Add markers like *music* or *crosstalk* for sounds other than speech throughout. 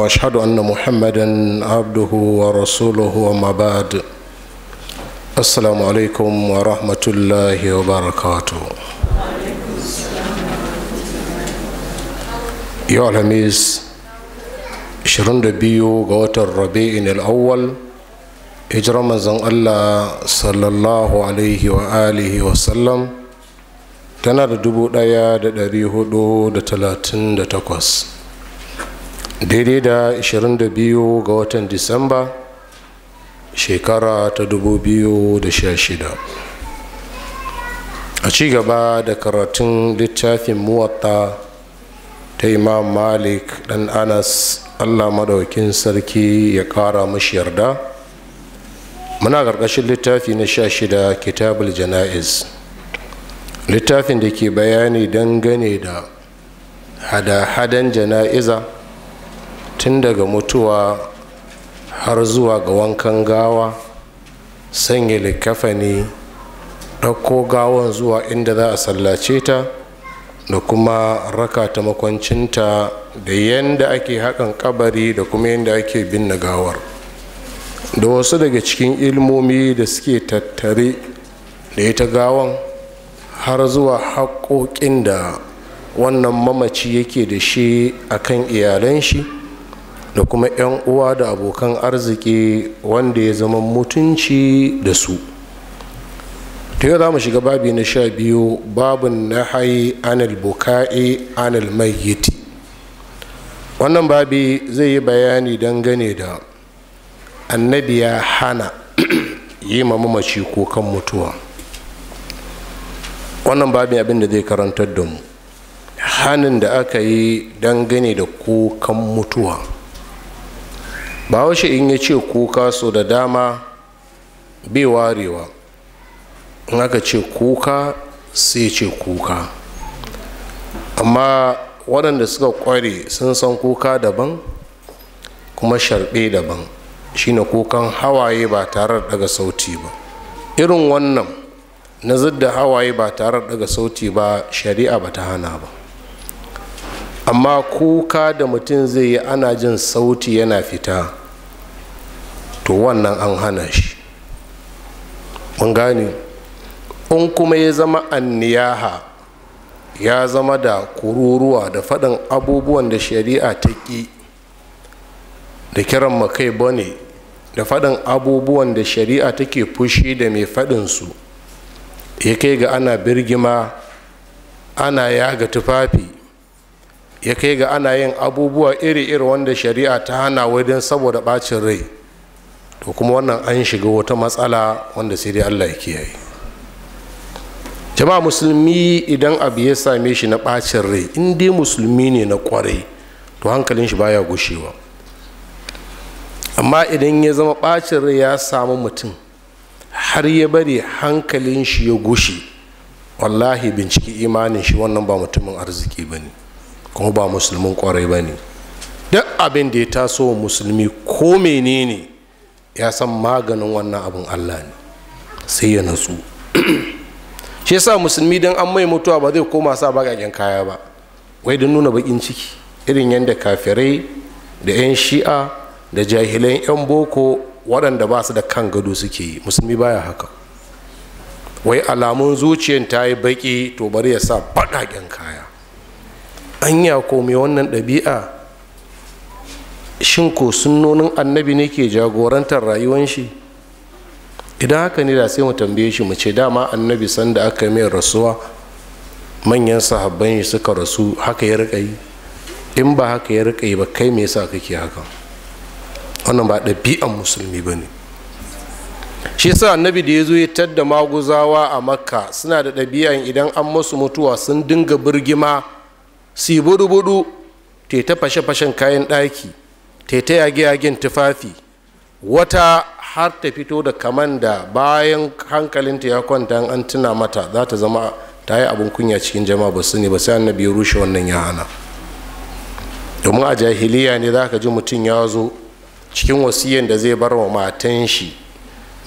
واشهد ان محمدا عبده ورسوله وما بعد السلام عليكم ورحمه الله وبركاته yau alhamis 22 ga watan rabi'in al'awwal hijirar manzon allah sallallahu alaihi wa alihi wa sallam tana da 1438 daidai da 22 ga watan disamba shekara ta 2016 a ci gaba da karatun littafin muwatta ta imam malik dan anas allah madaukin sarki ya kara mashi yarda muna ƙarƙashin littafi na 16 kitabul jana'iz littafin da ke bayani dangane da hada-hadan jana'iza tun daga mutuwa har zuwa ga wankan gawa sanya likafani ɗauko gawon zuwa inda za a sallace ta da kuma raka ta makwancinta da yadda ake haƙan kabari da kuma yadda ake binne gawar da wasu daga cikin ilmomi da suke tattare da ita gawan har zuwa haƙoƙin da wannan mamaci yake da shi a kan iyalan shi da kuma 'yan uwa da abokan arziki wanda ya zama mutunci da su ta yau za mu shiga babi na sha biyu babin hayi anil buka'i anil mayyiti wannan babi zai yi bayani dangane da annabi ya hana *clears throat* yi ma mamaci kan mutuwa wannan babin abin zai karantar da mu hanin da aka yi dangane da kukan mutuwa bahaushe in ya ce kuka so da dama bai warewa in aka ce kuka sai ce kuka amma waɗanda suka ƙware sun san kuka daban kuma sharɓe daban shine kukan hawaye ba tare da daga sauti ba irin wannan na zidda hawaye ba tare da daga sauti ba shari'a ba ta hana ba amma kuka da mutum zai yi ana jin sauti yana fita to wannan an hana shi mun gane in kuma ya zama anniyaha ya zama da kururuwa da faɗin abubuwan da shari'a ta ƙi da kiran makai bane da faɗin abubuwan da shari'a take fushi da mai faɗinsu ya kai ga ana birgima ana yaga tufafi ya kai ga ana yin abubuwa iri-iri wanda shari'a ta hana wajen saboda ɓacin rai to kuma wannan an shiga wata matsala wanda sai dai allah ya kiyaye jama'a musulmi idan abu ya same shi na ɓacin rai in dai musulmi ne na kwarai to hankalin shi baya gushewa amma idan ya zama ɓacin rai ya samu mutum har ya bari hankalin shi ya gushe wallahi binciki imanin shi wannan ba mutumin arziki ba ne kuma ba musulmin kwarai ba ne duk abin da ya taso musulmi ko menene ne ya san maganin wannan abin allah ne sai ya natsu *clears throat* shi yasa musulmi don an mai mutuwa ba zai koma sa bakaken kaya ba wai don nuna bakin ciki irin yadda kafirai da 'yan shi'a da jahilan 'yan boko waɗanda ba su da kan gado suke yi musulmi baya haka wai alamun zuciyar ta yi baki to bari ya sa baƙaƙen kaya An ya mai wannan ɗabi'a shin ko sunnonin annabi ne ke jagorantar rayuwan shi idan haka ne da sai mu tambaye shi mu ce dama annabi sanda aka mai rasuwa manyan sahabban shi suka rasu haka ya rika yi in ba haka ya rika yi ba kai me yasa kake haka wannan ba ɗabi'an musulmi ba ne shi sa annabi da ya zo ya tadda maguzawa a makka suna da ɗabi'an idan an musu mutuwa sun dinga birgima su yi budu-budu ta fashe-fashen kayan ɗaki teta yage-yagen tufafi wata har ta fito da kaman da bayan hankalinta ya kwanta an tuna mata za ta zama ta yi abin kunya cikin jama'a ba su ne ba sai annabi ya rushe wannan ya hana domin a jahiliya ne za ka ji mutum ya zo cikin wasiyan da zai bar wa matan shi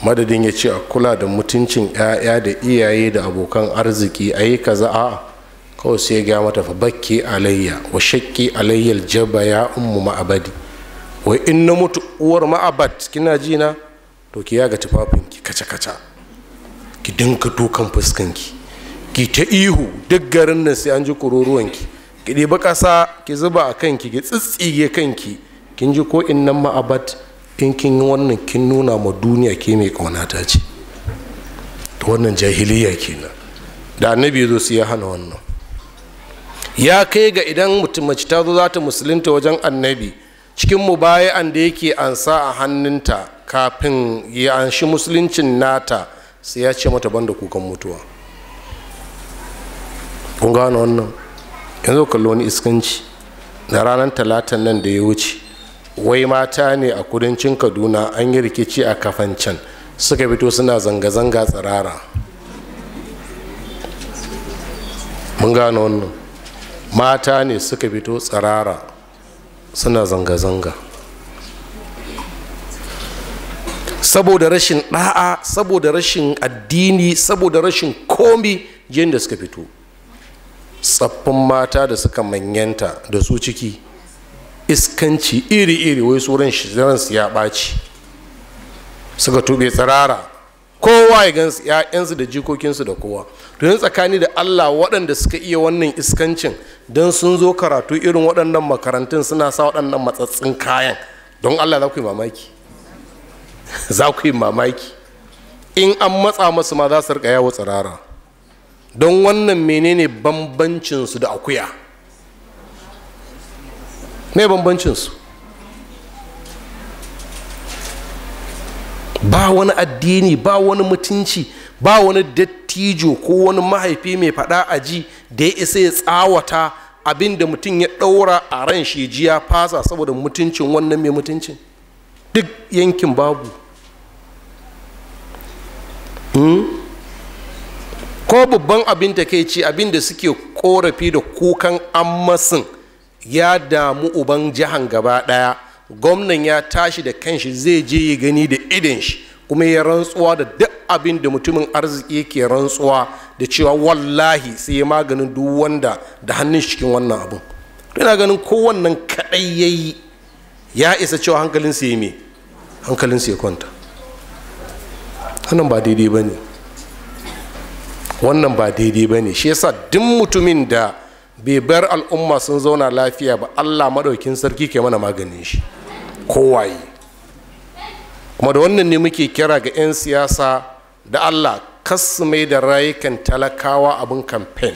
madadin ya ce a kula da mutuncin 'ya'ya da iyaye da abokan arziki a yi kaza a kawai sai ya gaya mata fa bakki alayya wa shakki alayyal jaba ya ummu ma'abadi wai in na mutu uwar ma'abat kina ji na to ki yaga tufafinki kaca kaca ki dinka dukan fuskanki ki ta ihu duk garin nan sai an ji kururuwanki ki ɗiba ƙasa ki zuba a kanki ki tsitsige kanki kin ji ko in nan ma'abat in kin yi wannan kin nuna ma duniya ke mai ƙaunata ce to wannan jahiliya kenan da annabi zo su ya hana wannan ya kai ga idan mutum mace ta zo za ta musulunta wajen annabi cikin mubayi'an da yake ansa a hannunta kafin ya anshi musuluncin nata sai ya ce mata banda kukan mutuwa kun gano wannan yanzu kalli wani iskanci na ranar talatan nan da ya wuce wai mata ne a kudancin kaduna an yi rikici a kafancan suka fito suna zanga-zanga tsirara mun gano wannan mata ne suka fito tsirara suna zanga-zanga saboda rashin ɗa'a saboda rashin addini saboda rashin komi jin da suka fito tsaffin mata da suka manyanta da su ciki iskanci iri-iri wai tsoron ransu ya ɓaci suka tube tsirara kowa ya gansu 'ya'yansu da jikokinsu da kowa don tsakani da allah waɗanda suka iya wannan iskancin don sun zo karatu irin waɗannan makarantun suna sa waɗannan matsatsin kayan don allah za ku yi mamaki *laughs* za ku yi mamaki in an matsa masu ma za su rika yawo tsirara don wannan menene bambancinsu da akuya me bambancinsu ba wani addini ba wani mutunci ba wani dattijo ko wani mahaifi mai faɗa a ji da ya isa ya tsawata abin da mutum ya ɗaura a ran shi ji ya fasa saboda mutuncin wannan mai mutuncin duk yankin babu hmm? ko babban abin da kai ci abin da suke korafi da kukan ammasin ya damu uban jihan gaba ɗaya gwamnan ya tashi da kanshi zai je ya gani da idon shi kuma ya rantsuwa da duk abin da mutumin arziki yake rantsuwa da cewa wallahi sai ya maganin duk wanda da hannun cikin wannan abin ina ganin kowannan kaɗai ya yi ya isa cewa hankalinsa ya me hankalinsa ya kwanta wannan ba daidai ba ne wannan ba daidai ba ne shi yasa duk mutumin da bai bar al'umma sun zauna lafiya ba allah maɗaukin sarki ke mana maganin shi kowaye kuma da wannan ne muke kira ga 'yan siyasa da allah kasu mai da rayukan talakawa abin kamfen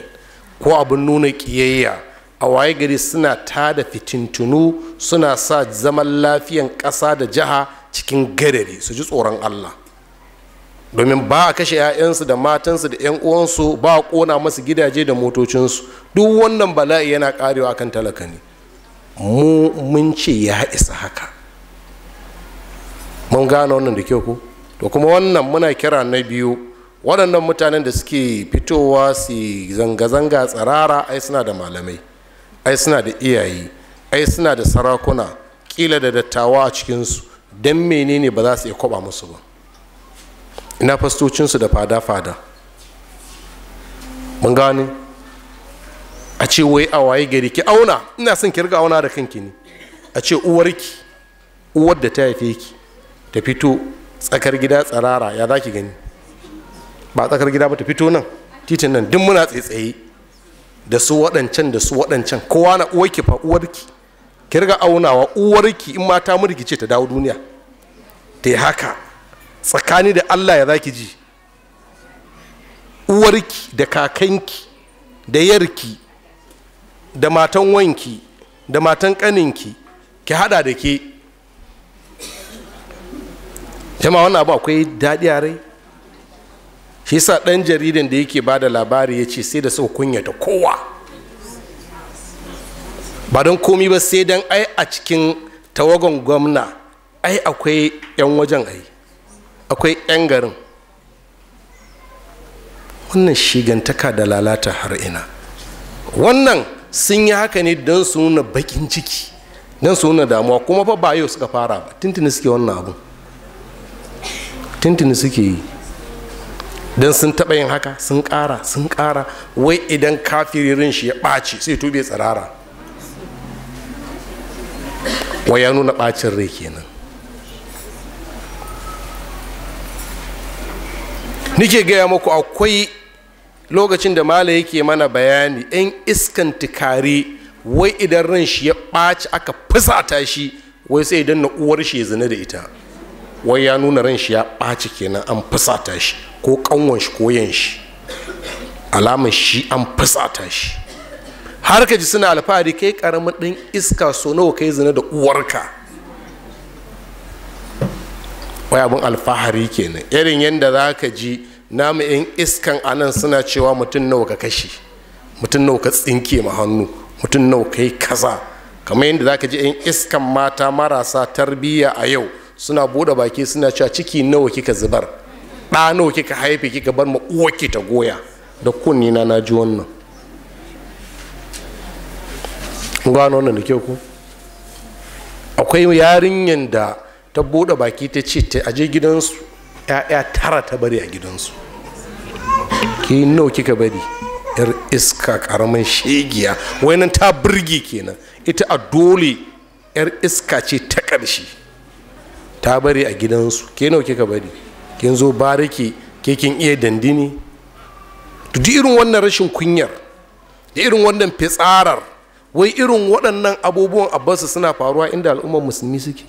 ko abin nuna kiyayya a waye gari suna tada fitintunu suna sa zaman lafiyan ƙasa da jiha cikin gadari su ji tsoron allah domin ba a kashe 'ya'yansu da matansu da 'yan uwansu ba a ƙona masu gidaje da motocinsu duk wannan bala'i yana karewa kan talaka ne mun ce ya isa haka mun gane wannan da kyau ko to kuma wannan muna kira na biyu waɗannan mutanen da suke fitowa su zanga-zanga tsarara, ai suna da malamai ai suna da iyaye ai suna da sarakuna kila da dattawa a cikinsu don menene ba za su iya kwaba musu ba ina fastocinsu da fada-fada mun gane a ce wai a waye gari ki auna ina son ki riga auna da kanki ne a ce uwarki uwar da ta haife ki ta fito tsakar gida tsarara ya za ki gani ba tsakar gida ba ta fito nan titin nan duk muna tsaye da su waɗancan da su waɗancan kowa na uwarki fa uwarki ki riga aunawa uwarki in mata mu ce ta dawo duniya ta yi haka tsakani da allah ya za ki ji uwarki da kakanki da yarki da matan wanki da matan ƙaninki ki haɗa da ke yamma wannan abu akwai daɗi a rai shi sa ɗan jaridan da yake ba da labari ya ce sai da sau kunyata kowa ba don komi ba sai don ai a cikin tawagon gwamna ai akwai 'yan wajen ai akwai 'yan garin wannan shigantaka da lalata har ina wannan sun yi haka ne don su nuna bakin ciki don su nuna damuwa kuma fa ba yau suka fara ba tuntuni suke wannan abun tintini suke yi don sun taɓa yin haka sun ƙara sun ƙara wai idan kafirin shi ya ɓaci sai tube tsirara wai ya nuna ɓacin rai kenan nike gaya muku akwai lokacin da mala yake mana bayani 'yan iskan tikari wai idan ran shi ya ɓaci aka fusata shi wai sai idan na uwar shi ya zina da ita wai ya nuna ran shi ya ɓaci kenan an fusata shi ko ƙanwan shi ko yan shi alamar shi an fusata shi har ka ji suna alfahari kai karamin ɗin iska so nawa kai zina da uwarka wai abin alfahari kenan irin yadda za ka ji namu yan iskan anan suna cewa mutum nawa ka kashe mutum nawa ka tsinke ma hannu mutum nawa ka yi kaza kamar yadda za ka ji yan iskan mata marasa tarbiyya a yau suna buɗe baki suna cewa ciki nawa kika zubar ɗa nawa kika haife kika bar ma uwarki ta goya da kunni na naji wannan gano wannan da kyau ku akwai yarinyar da ta buɗe baki ta ce ta aje gidansu ya'ya tara ta bari a gidansu ke nawa kika bari yar iska karamin shegiya wainan ta birge kenan ita a dole yar iska ce ta ƙarshe ta bari a gidansu ke nawa kika bari kin zo bariki ke kin iya dandini di irin wannan rashin kunyar da irin wannan fitsarar wai irin waɗannan abubuwan abbasu suna faruwa inda al'ummar musulmi suke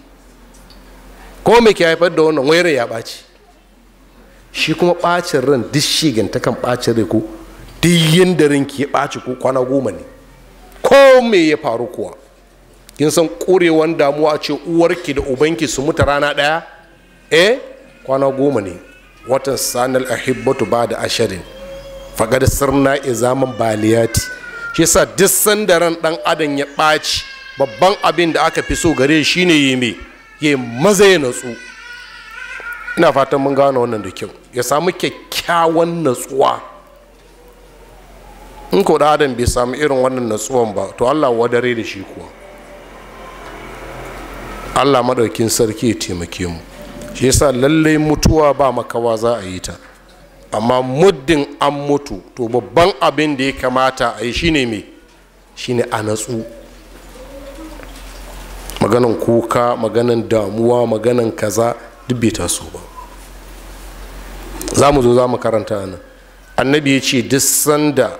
ko me ke haifar da wannan wayar ya ɓaci shi kuma ɓacin ran duk shiganta kan ɓacin rai ko duk yadda ranki ya ɓaci ko kwana goma ne ko me ya faru kuwa kin san ƙurewan damuwa ce uwarki da ubanki su mutu rana ɗaya eh kwana goma ne watan sanar ahibbatu ba da ashirin fagar sirna izaman baliyati shi yasa duk sanda ran dan adam ya ɓaci babban abin da aka fi so gare shi ne yi me ya maza ya natsu ina fatan mun gane wannan da kyau ya samu kyakkyawan natsuwa in ko da adam bai samu irin wannan natsuwan ba to allah wadare da shi kuwa allah maɗaukin sarki ya taimake mu shi yasa lallai mutuwa ba makawa za a yi ta amma muddin an mutu to babban abin da ya kamata a yi shine me shine a natsu maganan kuka maganan damuwa maganan kaza duk bai taso ba za mu zo za mu karanta nan annabi ya ce duk sanda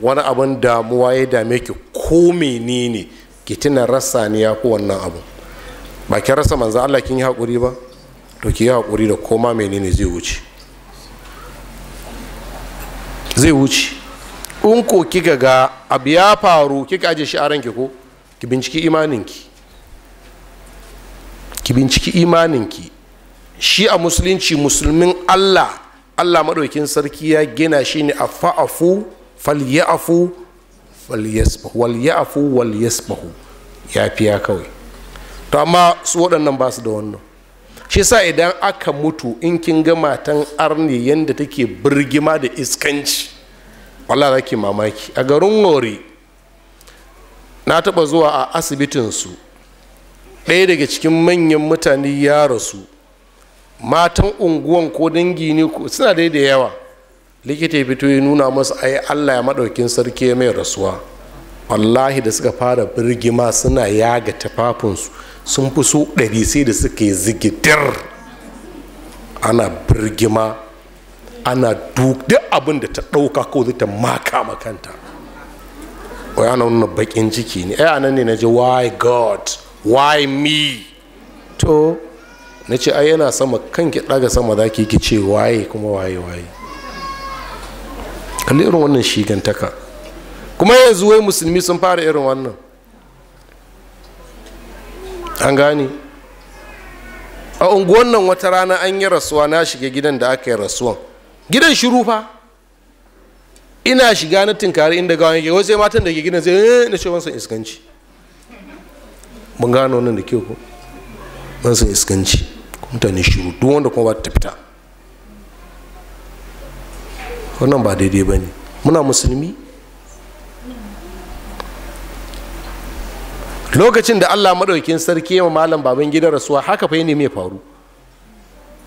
wani abin damuwa ya dame ki ko menene ki tuna rasa ni wannan abin ba ki rasa manzo Allah kin yi hakuri ba to ki yi hakuri da koma menene zai wuce zai wuce in ko kika ga abu ya faru kika aje shi a ranki ko ki binciki imaninki ki binciki imaninki shi a musulunci musulmin Allah Allah maɗaukin sarki ya gina shi ne a fa'afu falyasbahu walyafu walyasbahu ya fiya kawai to amma su waɗannan ba su da wannan shi sa idan aka mutu in kin ga matan arne yadda take birgima da iskanci wala za ki mamaki a garin lori na taɓa zuwa a asibitinsu ɗaya daga cikin manyan mutane ya rasu matan unguwan ko dangi ne ko suna dai da yawa likita ya fito ya nuna masu ai allah ya maɗaukin sarki ya mai rasuwa wallahi da suka fara birgima suna yaga tafafinsu sun fi su ɗari sai da suke zigitar ana birgima ana duk duk abin da ta ɗauka ko zai ta maka makanta wai ana nuna baƙin ciki ne ai eh, anan ne na ji why god why me to na ce ai yana sama kan kanki ɗaga sama za ki ce waye kuma waye waye kalli irin wannan shigantaka kuma yanzu wai musulmi sun fara irin wannan an gane a unguwan nan wata rana an yi rasuwa na shiga gidan da aka yi rasuwan gidan shiru fa ina shiga na tinkari inda gawa yake wasu matan da ke gidan zai eh, na ce sun iskanci mun gano nan da ke ku sun iskanci mutane shiru duk wanda kuma ba ta fita wannan ba daidai ba ne muna musulmi lokacin da allah maɗaukin sarki yawan malam baban gidan rasuwa haka fa ne mai faru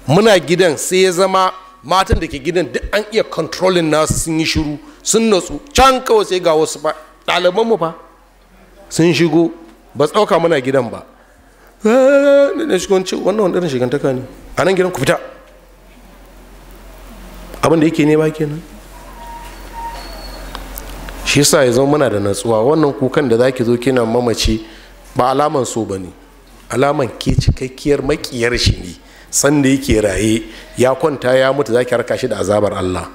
muna gidan sai ya zama matan da ke gidan duk an iya controlling nasu sun yi shiru sun natsu can kawai sai ga wasu ba ɗaliban mu fa sun shigo ba tsauka muna gidan ba eh, na shigo ce wannan wani irin shigantaka ne a nan gidan ku fita abin da yake nema kenan shi sa ya zama muna da natsuwa wannan kukan da zaki zo kina mamaci ba alaman so ba ne alaman ke cikakkiyar makiyar shi ne sanda yake raye ya kwanta ya mutu za ki harka shi da azabar allah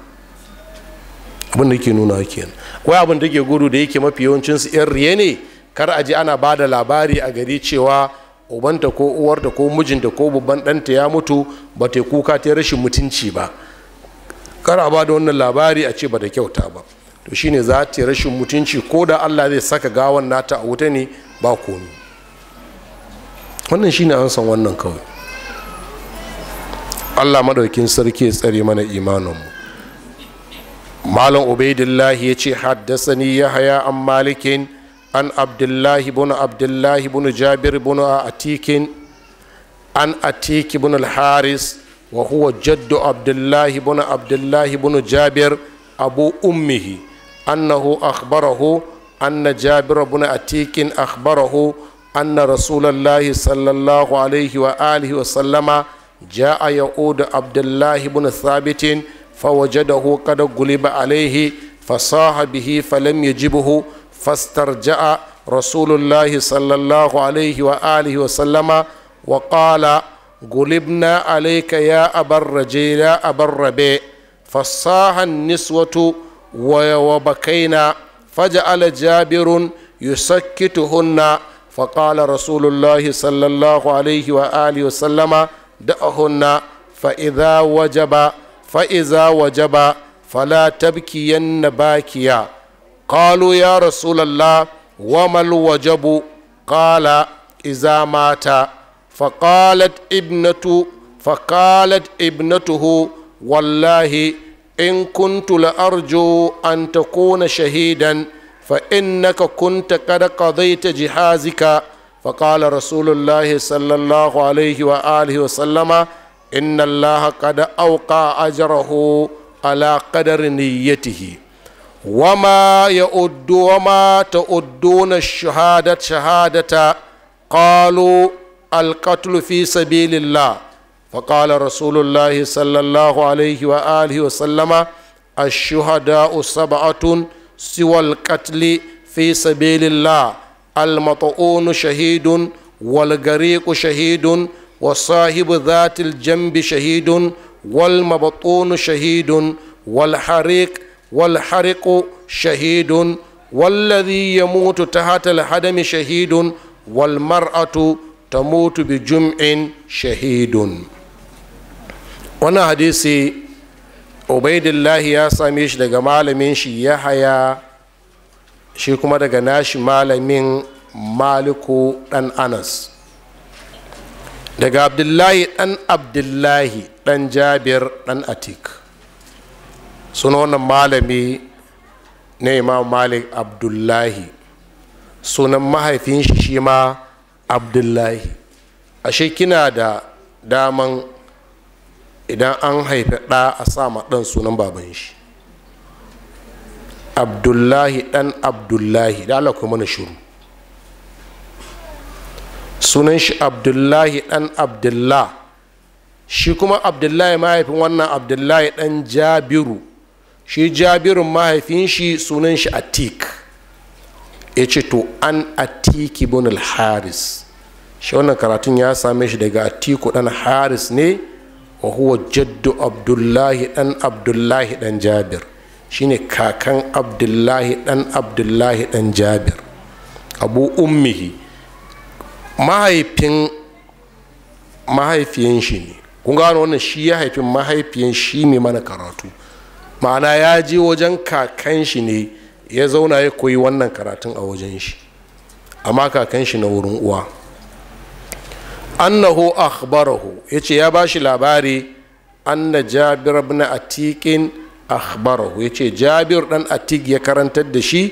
abin da yake nuna kenan wai abin da ke gudu da yake mafi su 'yan riye ne kar a ji ana bada labari a gari cewa ubanta ko uwarta ko mijinta ko babban ɗanta ya mutu ba ta kuka ta rashin mutunci ba kar a bada wannan labari a ce ba da kyauta ba to shine za ta rashin mutunci ko da allah zai saka gawan nata a wuta ne ba komi wannan shine an san wannan kawai allah madaukin sarki ya tsare mana imaninmu malam ubaidillahi ya ce ni ya haya an malikin an abdullahi bunu abdullahi bunu jabir bunu a atikin an atiki bunu haris wa huwa jaddu abdullahi bunu abdullahi bunu jabir abu ummihi annahu akhbarahu anna jabir ibn atikin akhbarahu anna rasulullahi sallallahu alaihi wa alihi wa sallama ja'a ya'udu abdullahi ibn thabitin فوجده قد غلب عليه فصاح به فلم يجبه فاسترجع رسول الله صلى الله عليه وآله وسلم وقال غلبنا عليك يا أبا الرجيل يا أبا الربيع فصاح النسوة وبكينا فجعل جابر يسكتهن فقال رسول الله صلى الله عليه وآله وسلم دعهن فإذا وجب فإذا وجب فلا تبكين باكيا قالوا يا رسول الله وما الوجب قال إذا مات فقالت ابنته فقالت ابنته والله in kuntu la'arju an takuna shahidan fa innaka kunta kada qadaita jihazika fa qala rasulullahi sallallahu alaihi wa alihi wa sallama inna allaha qad awqa ajrahu ala qadri niyyatihi وما يؤد وما تؤدون الشهادة شهادة قالوا القتل في سبيل الله فقال رسول الله صلى الله عليه وآله وسلم الشهداء سبعة سوى القتل في سبيل الله المطعون شهيد والغريق شهيد وصاحب ذات الجنب شهيد والمبطون شهيد والحريق والحرق شهيد والذي يموت تحت الحدم شهيد والمرأة تموت بجمع شهيد wannan hadisi ubaidillahi ya same shi daga malamin shi ya haya shi kuma daga nashi malamin maliku dan anas daga abdullahi dan abdullahi dan jabir dan atik suna wannan malami na imam malik abdullahi sunan mahaifin shi ma abdullahi ashe kina da daman idan an haifi ɗa a sa ma ɗan sunan baban shi abdullahi ɗan abdullahi da ala kuma na shuru sunan shi abdullahi ɗan abdullah shi kuma abdullahi mahaifin wannan abdullahi ɗan jabiru shi jabirun mahaifin shi sunan shi atik ya ce to an atiki bin haris shi wannan karatun ya same shi daga atiku ɗan haris ne wa huwa jaddu abdullahi dan abdullahi dan jabir shine kakan abdullahi dan abdullahi dan jabir abu ummihi mahaifin mahaifiyan shi ne kun gano wannan shi ya haifin mahaifiyan shi ne mana karatu ma'ana ya je wajen kakan shi ne ya zauna ya koyi wannan karatun a wajen shi amma kakan shi na wurin uwa annahu akhbarahu yace ya bashi labari anna jabir ibn atiqin akhbarahu yace jabir dan atiq ya karantar da shi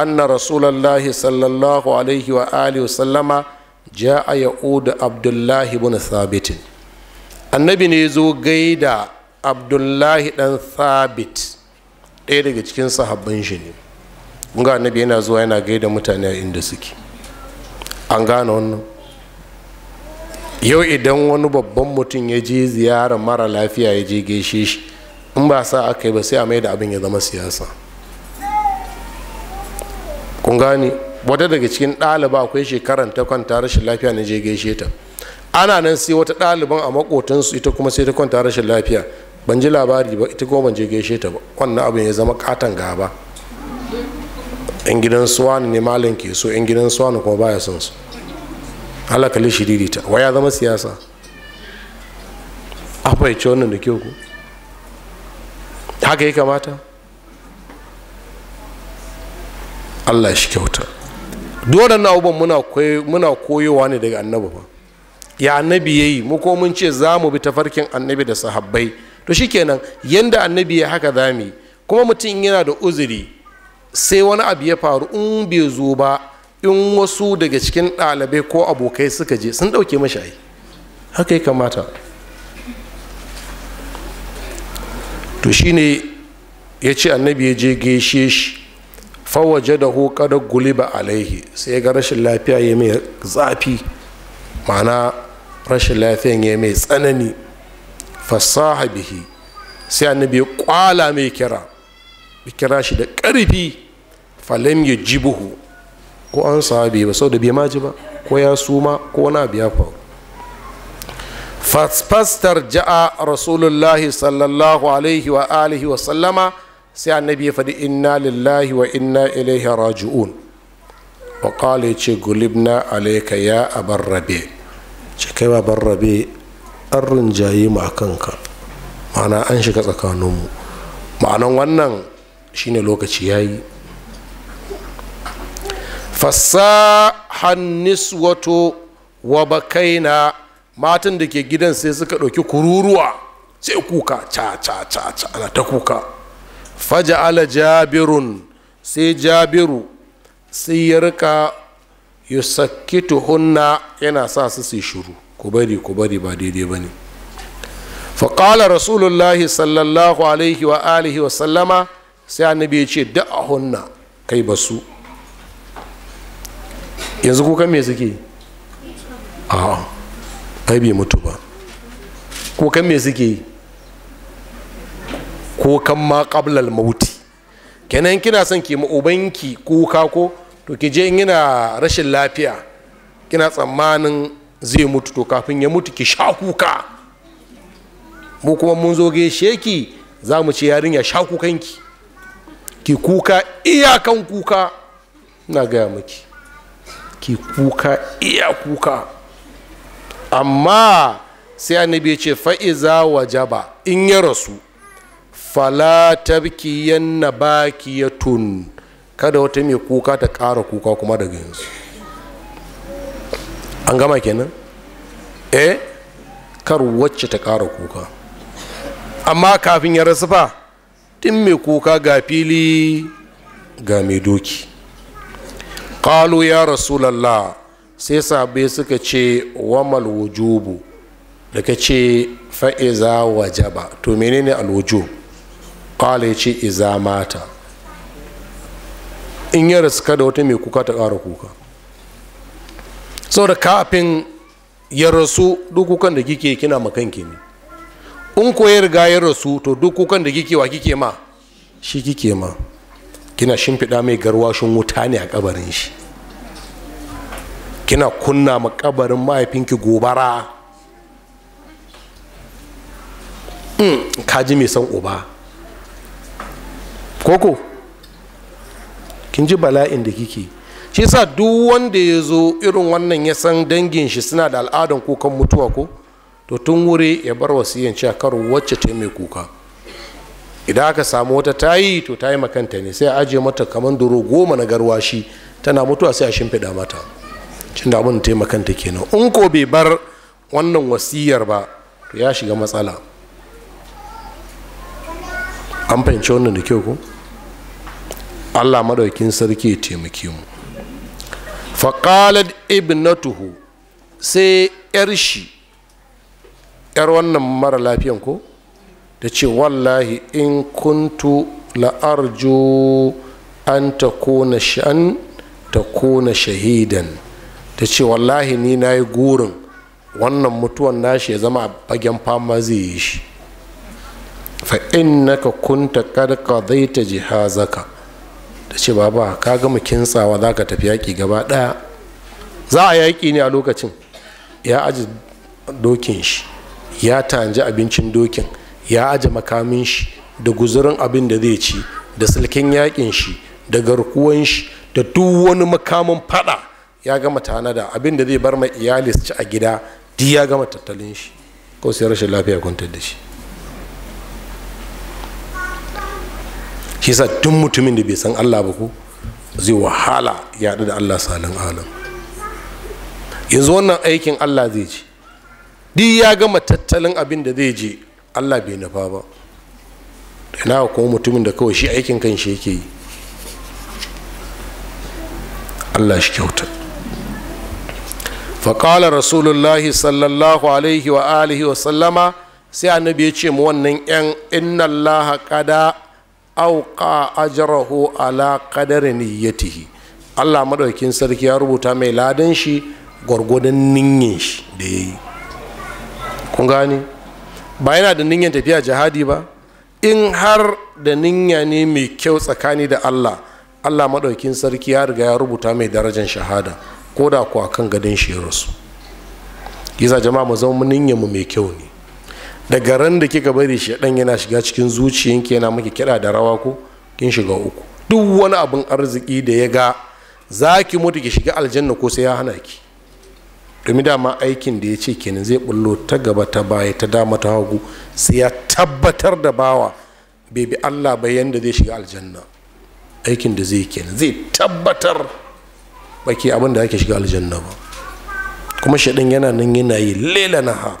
anna rasulullahi sallallahu alaihi wa alihi sallama ja'a ya'ud abdullahi ibn thabit annabi ne zo gaida abdullahi dan thabit ɗaya daga cikin sahabban shi ne kun annabi yana zuwa yana gaida mutane a inda suke an gane wannan yau idan wani babban mutum ya je ziyarar mara lafiya ya je gaishe shi in ba sa aka yi ba sai a mai da abin ya zama siyasa kun gani wata daga cikin ɗaliba akwai shekaran ta kwanta rashin lafiya na je gaishe ta ana nan sai wata ɗaliban a makotansu ita kuma sai ta kwanta rashin lafiya ban ji labari ba ita kuma ban je gaishe ta ba wannan abin ya zama katon gaba yan gidan suwani ne malam ke so yan gidan suwani kuma baya son su Allah kalli shiriri ta waya zama siyasa a fahimci wannan da kyau ku haka yi kamata Allah shi kyauta dole na abubuwan muna koyowa ne daga annabi ba ya annabi ya yi mu ko mun ce za mu bi tafarkin annabi da sahabbai to shikenan yanda annabi ya haka za mu yi kuma mutum yana da uzuri sai wani abu ya faru in bai zo ba in wasu daga cikin ɗalibai ko abokai suka je sun ɗauke mashi ai haka ya kamata to shine ya ce annabi ya je gaishe shi fawaje da hukadar guliba alaihi sai ga rashin lafiya ya mai zafi ma'ana rashin lafiyan ya mai tsanani fasaha bihi sai annabi ya kwala mai kira ya kira shi da ƙarfi falam ya jibuhu ko an sahabi ba sau da bai maji ba ko ya suma ko na biya fa. faru fasfastar ja'a rasulullahi sallallahu alaihi wa alihi wa sallama sai annabi ya faɗi inna lillahi wa inna ilaihi raji'un wa qala yace gulibna alayka ya abar rabi ce kai babar rabi an rinjaye mu kanka ma'ana an shiga tsakaninmu ma'anan wannan shine lokaci yayi fasahan niswato wa bakaina matan da ke gidan sai suka ɗauki kururuwa sai kuka ca ca ca ca ana ta kuka faja ala jabirun sai jabiru sai ya rika hunna yana sa su su shiru ku bari ku bari ba daidai ba ne faƙala rasulullahi sallallahu alaihi wa alihi wa sallama sai annabi ya ce hunna kai basu yanzu kukan me suke a ai bai mutu ba kukan me suke kukan ma qablal mauti kenan kina son ki ubanki kuka ko to ki je in yana rashin lafiya kina tsammanin zai mutu to kafin ya mutu ki sha kuka mu kuma mun zo gaishe ki za mu ce yarinya sha kukanki ki kuka iyakan kuka na gaya miki ke kuka iya kuka amma sai annabi ya ce fa'iza wajaba in ya rasu fala baki ya tun kada wata mai kuka ta ƙara kuka kuma daga yanzu an gama kenan eh kar wacce ta ƙara kuka amma kafin ya rasu fa tun mai kuka ga fili ga mai doki qalu ya rasulallah sai sabe suka ce wamal wujubu da ka ce fa'iza wajaba to menene alwujub qala ya ce iza mata in ya rasu da wata mai kuka ta ƙara kuka saboda kafin ya rasu duk kukan da kike kina makanki ne in ko ya riga ya rasu to duk kukan da kike wa kike ma shi kike ma kina shimfiɗa mai garwashin wuta ne a kabarin shi kina kunna ma kabarin mahaifinki gobara hmm, kaji mai san uba koko kin ji bala'in da kike shi sa duk wanda ya zo irin wannan ya san dangin shi suna da al'adan kukan mutuwa ko to tun wuri ya bar wasu yin kar wacce ta mai kuka idan aka samu wata tayi to ta yi makanta ne sai a ajiye mata kamar duro goma na garwashi tana mutuwa sai a shimfiɗa mata cin da abin taimakanta kenan in ko bai bar wannan wasiyar ba to ya shiga matsala an fahimci wannan da kyau ko allah madaukin sarki ya taimake mu faƙalar ibnatuhu sai 'yar shi 'yar wannan mara lafiyan ko da ce wallahi in kuntu la'arju an ta kona sha'an ta kona shahidan ta ce wallahi ni na yi gurin wannan mutuwan nashi ya zama a bagen fama zai yi shi fa ka kunta karka zai ta jihazaka ta ce baba ka gama kintsawa za ka tafi yaƙi gaba ɗaya za a yaƙi ne a lokacin ya aji dokin shi ya tanji abincin dokin ya aje makamin shi da guzurin abin da zai ci da silkin yakin shi da garkuwan shi da duk wani makamin fada ya gama tanada abin da zai bar mai iyali su ci a gida duk ya gama tattalin shi ko sai rashin lafiya kwantar da shi shi sa duk mutumin da bai san Allah ba ku zai wahala ya da Allah salin alam yanzu wannan aikin Allah zai ji duk ya gama tattalin abin da zai je allah bai nufa ba ina kuma mutumin da kawai shi aikin kan shi yake yi allah shi kyauta faƙalar rasulullahi sallallahu alaihi wa alihi wa sallama sai annabi ya ce mu wannan yan inna allaha kada auka ajrahu ala qadari niyyatihi Allah madaukin sarki ya rubuta mai ladan shi gwargwadon ninyin shi da yayi kun gani ba yana da niyyar tafiya jihadi ba in har da niyya ne mai kyau tsakani da allah allah maɗaukin sarki ya riga ya rubuta mai darajar shahada ko da kuwa kan gadon shi ya rasu yasa jama'a mu zama niyyar mu mai kyau ne daga ran da kika bari shi ɗan yana shiga cikin zuciyanki yana miki kiɗa da rawa ko kin shiga uku duk wani abin arziki da ya ga za ki mutu ki shiga aljanna ko sai ya hana ki domin dama aikin da ya ce kenan zai bullo ta gaba ta baya ta dama ta hagu sai ya tabbatar da bawa bai allah ba yanda zai shiga aljanna aikin da zai kenan zai tabbatar baki abin da ake shiga aljanna ba kuma shaɗin yana nan yana yi lela na har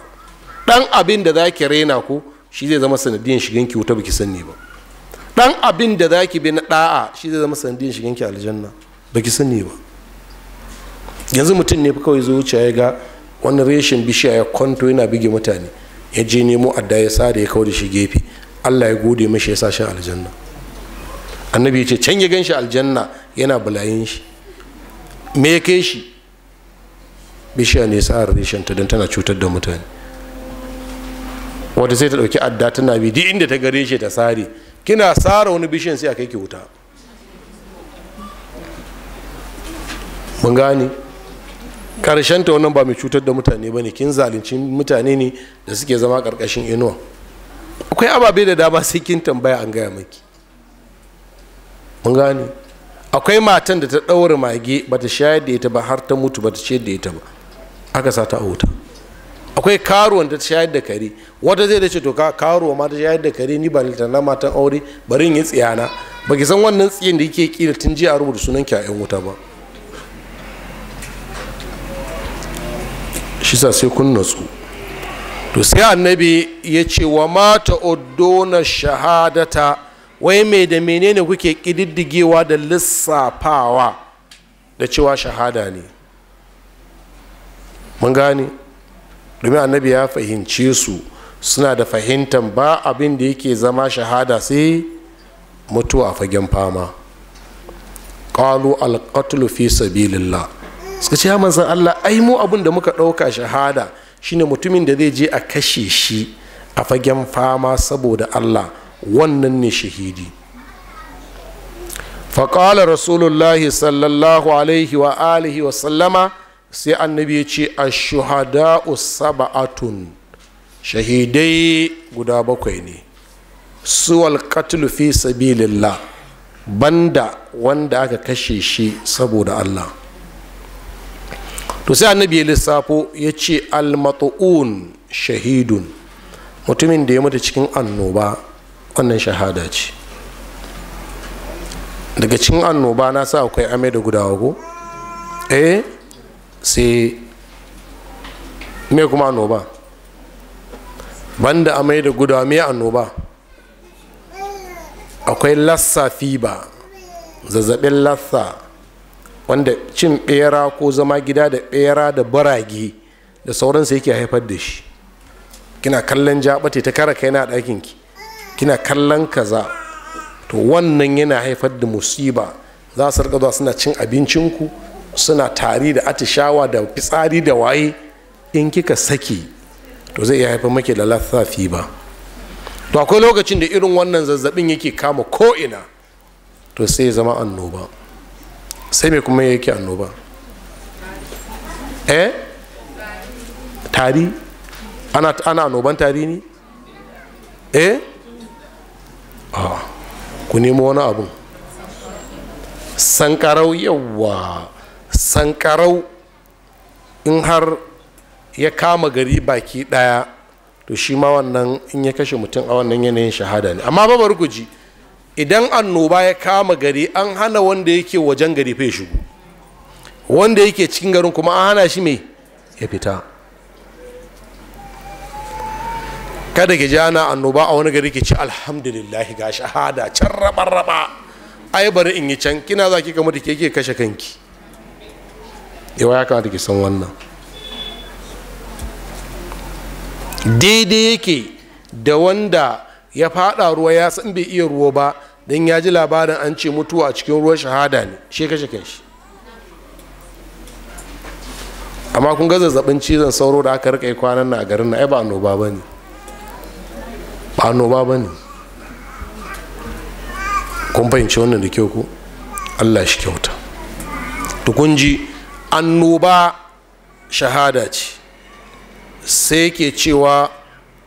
ɗan abin da za ki raina ko shi zai zama sanadiyan shigan ki wuta ba ki sani ba ɗan abin da za ki bi na ɗa'a shi zai zama sanadiyan shigan ki aljanna ba ki sani ba yanzu mutum ne kawai zuciya ya ga wani reshen bishiya ya kwanto yana bige mutane ya je nemo adda ya sa da ya kawo da shi gefe allah ya gode mashi ya sa shi aljanna annabi ya ce can ya shi aljanna yana bulayin shi me ya kai shi bishiya ne sa reshen ta don tana cutar da mutane wata sai ta ɗauki adda tana bi duk inda ta gare shi ta sare kina sare wani bishiyan sai a kai ki wuta mun gane karshenta wannan ba mai cutar da mutane ba ne kin zalunci mutane ne da suke zama karkashin inuwa akwai ababe da dama sai kin tambaya an gaya maki mun gane akwai matan da ta ɗaura mage ba ta shayar da ita ba har ta mutu ba ta ciyar da ita ba aka sa ta a wuta akwai karuwan ta shayar da kare wata zai da ce to ka karuwa ma ta shayar da kare ni ba na matan aure bari in yi tsiyana ba ki san wannan tsiyin da yake kila tun jiya rubuta sunan ki a yan wuta ba shi sa sai kun natsu to sai annabi ya ce wa mata odona shahadata wai mai da menene kuke ƙididdigewa da lissafawa da cewa shahada ne mun gane domin annabi ya fahimce su suna da fahimtar ba abin da yake zama shahada sai mutuwa fagen fama ƙalu alƙatulu fi sabilillah suka ce ya manzan Allah ai mu abin da muka ɗauka shahada shine mutumin da zai je a kashe shi a fagen fama saboda Allah wannan ne shahidi faƙala rasulullah sallallahu alaihi wa alihi wa sallama sai annabi ya ce a saba'atun shahidai guda bakwai ne suwal katlu fi sabilillah banda wanda aka kashe shi saboda Allah to sai annabi ya lissafo ya ce almatu'un shahidun mutumin da ya mutu cikin annoba wannan shahada ce daga cikin annoba na sa akwai amai da gudawa ko eh sai me kuma annoba banda amai da gudawa me annoba akwai lassa fiba zazzabin lassa wanda cin bera ko zama gida da bera da barage da sauransu yake haifar da shi kina kallon jabate ta kara kai na ɗakin ki kina kallon kaza to wannan yana haifar da musiba za su rika zuwa suna cin abincin ku suna tari da atishawa da fitsari da waye in kika saki to zai iya haifar maki da lafafi ba to akwai lokacin da irin wannan zazzabin yake kama ko'ina to sai zama annoba sai mai kuma yake annoba eh tari ana annoban tari ne eh ah ku nemo wani abu sankarau yawa sankarau in har ya kama gari baki daya to shi ma wannan in ya kashe mutum a wannan yanayin shahada ne amma babar guji ji idan annoba ya kama gari an hana wanda yake wajen gari fai shigo wanda yake cikin garin kuma an hana shi mai ya fita kada ki jana annoba a wani gari ki ci alhamdulillah ga shahada can raba-raba ai bari in yi can kina za ki kama da ke kashe kanki yawa ya kamata ki san wannan daidai yake da wanda ya fada ruwa ya san bai iya ruwa ba don ya ji labarin an ce mutuwa a cikin ruwan shahada ne shi kashe kanshi amma kun ga zazzabin cizon sauro da aka rika kwanan na garin na ai ba annoba ba ne ba annoba ba ne kun fahimci wannan da kyau ku allah shi kyauta ji annoba shahada ce sai ke cewa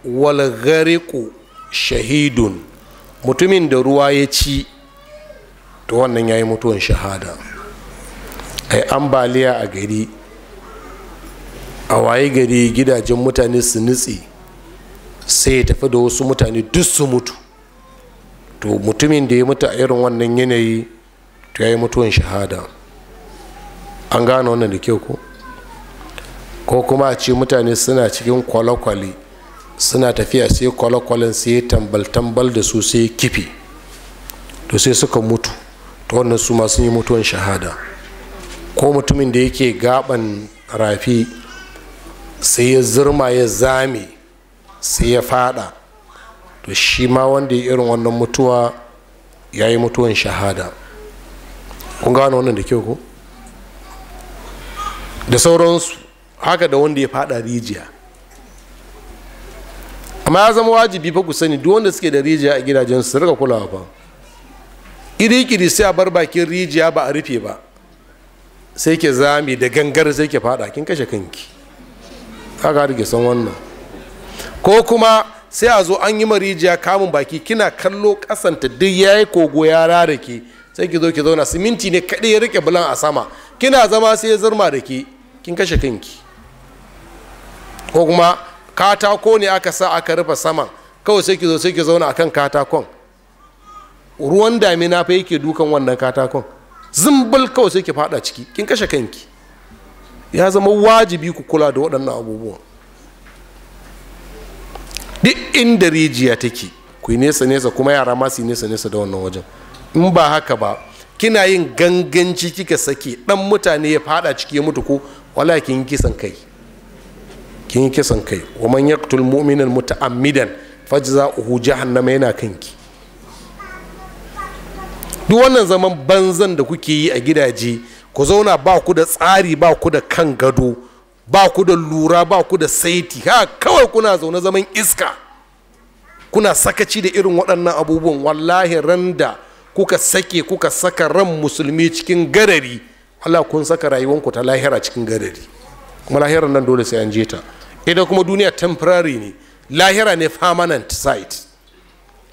walgariku shahidun mutumin da ruwa ya ci to wannan ya yi mutuwan shahada ai ambaliya a gari a waye gari gidajen mutane su nutse sai ya tafi da wasu mutane duk su mutu to mutumin da ya mutu a irin wannan yanayi to ya yi mutuwan shahada an gane wannan da kyau ko ko kuma a ce mutane suna cikin kwale-kwale suna tafiya sai kwale-kwalen sai tambal-tambal da su sai kifi to sai suka mutu ta wannan su masu yi mutuwan shahada ko mutumin da yake gaban rafi sai ya zirma ya zame sai ya fada to shi ma wanda ya irin wannan mutuwa ya yi mutuwan shahada kun gano wannan da kyau ko da sauransu haka da wanda ya fada rijiya amma ya zama wajibi fa ku sani duk wanda suke da rijiya a gidajen su rika kulawa fa kiri-kiri sai a bar bakin rijiya ba a rufe ba sai ke zami da gangar sai ke fada kin kashe kanki haka rike san wannan ko kuma sai a zo an yi rijiya kamun baki kina kallo kasanta duk yayi kogo ya rarake sai ki zo ki zauna siminti ne kadai ya rike bulan a sama kina zama sai ya zurma da ke kin kashe kanki ko kuma katako ne aka sa aka rufe saman kawai sai ki zo sai ki zauna akan katakon ruwan damina fa yake dukan wannan katakon zumbul kawai sai ki fada ciki kin kashe kanki ya zama wajibi ku kula da waɗannan abubuwa. duk inda rijiya take ku yi nesa nesa kuma yara ma su yi nesa nesa da wannan wajen in ba haka ba kina yin ganganci kika sake dan mutane ya fada ciki ya mutu ko wala kin kisan kai kin yi kisan kai wa man yaqtul mu'minan muta'ammidan fajza'uhu jahannama yana kanki duk wannan zaman banzan da kuke yi a gidaje ku zauna ba ku da tsari ba ku da kan gado ba ku da lura ba ku da saiti ha kawai kuna zaune zaman iska kuna sakaci da irin waɗannan abubuwan wallahi da kuka sake kuka saka ran musulmi cikin gadari Allah kun saka rayuwanku ta lahira cikin gadari kuma lahirar nan dole sai an je ta idan kuma duniya temporary ne lahira ne permanent site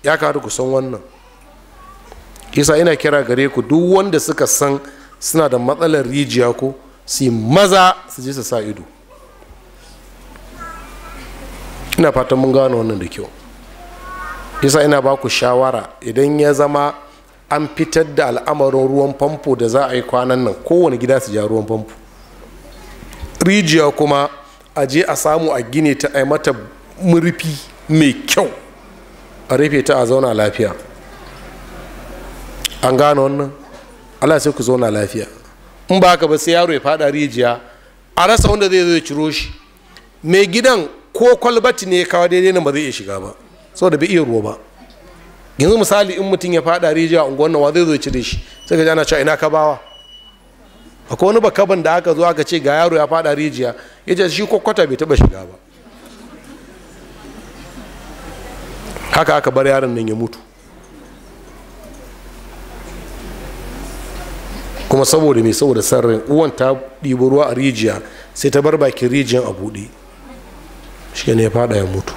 ya kamata ku san wannan isa ina kira gare ku duk wanda suka san suna da matsalar rijiya ko su maza su je su sa ido ina fatan mun gano wannan da kyau isa ina ba ku shawara idan ya zama an fitar da al'amarin ruwan famfo da za a yi kwanan nan kowane gida su ja ruwan famfo rijiya kuma a je a samu a gine ta a mata murfi mai kyau a rufe ta a zauna lafiya an gane wannan allah sai ku zauna lafiya in ba ka ba sai yaro ya fada rijiya a rasa wanda zai zo ya ciro shi mai gidan ko kwalbati ne kawai kawo daidai nan ba zai iya shiga ba saboda bai iya ruwa ba yanzu misali in mutum ya fada rijiya unguwan wa zai zo ya cire shi sai ka na cewa ina ka bawa akwai wani bakaban da aka zo aka ce ga yaro ya fada rijiya ya ce shi kwakwata bai taba shiga ba haka aka bar yaron nan ya mutu kuma saboda mai saboda sarrin uwan ta ɗibi ruwa a rijiya sai ta bar bakin rijiyan a buɗe shi ne ya fada ya mutu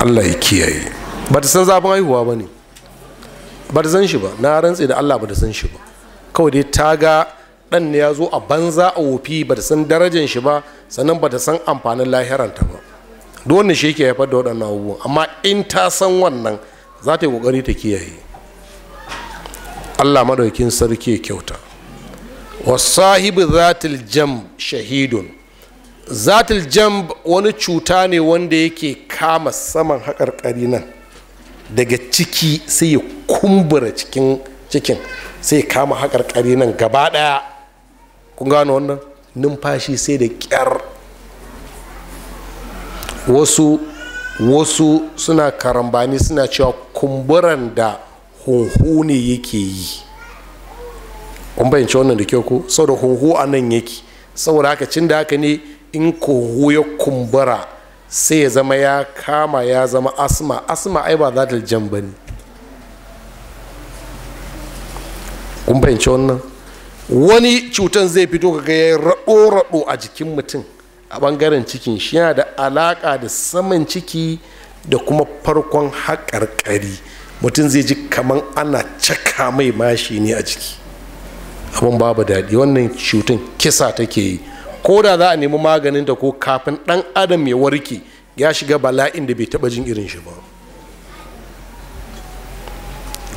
allah ya kiyaye ba ta san zafin haihuwa ba ne ba shi ba na rantse da Allah ba shi ba kawai dai ta ga dan ne ya zo a banza a wofi ba ta san darajar shi ba sannan ba ta san amfanin lahiranta ba dole wannan shi yake haifar da waɗannan abubuwan amma in ta san wannan za ta yi ƙoƙari ta kiyaye Allah madaukin sarki kyauta wasahibu zatil jam shahidun zatil jam wani cuta ne wanda yake kama saman haƙarƙari nan daga ciki sai ya kumbura cikin cikin sai kama haƙarƙari nan gaba ɗaya kun gano wannan numfashi sai da ƙyar wasu wasu suna karambani suna cewa kumburan da hunhu ne yake yi kun bayanci wannan da kyau ko saboda hunhu a nan yake saboda haka cin da haka ne in kuhu ya kumbura sai ya zama ya kama ya zama asma asma ai ba za ta jan ba ne kun fahimci wannan wani cutan zai fito kaga ya raɗo-raɗo a jikin mutum a ɓangaren cikin shi yana da alaƙa da saman ciki da kuma farkon haƙarƙari mutum zai ji kamar ana caka mai mashi ne a jiki abin babu daɗi wannan cutan kisa take yi ko da za a nemi maganin ta ko kafin ɗan adam ya warke ya shiga bala'in da bai taba jin irin shi ba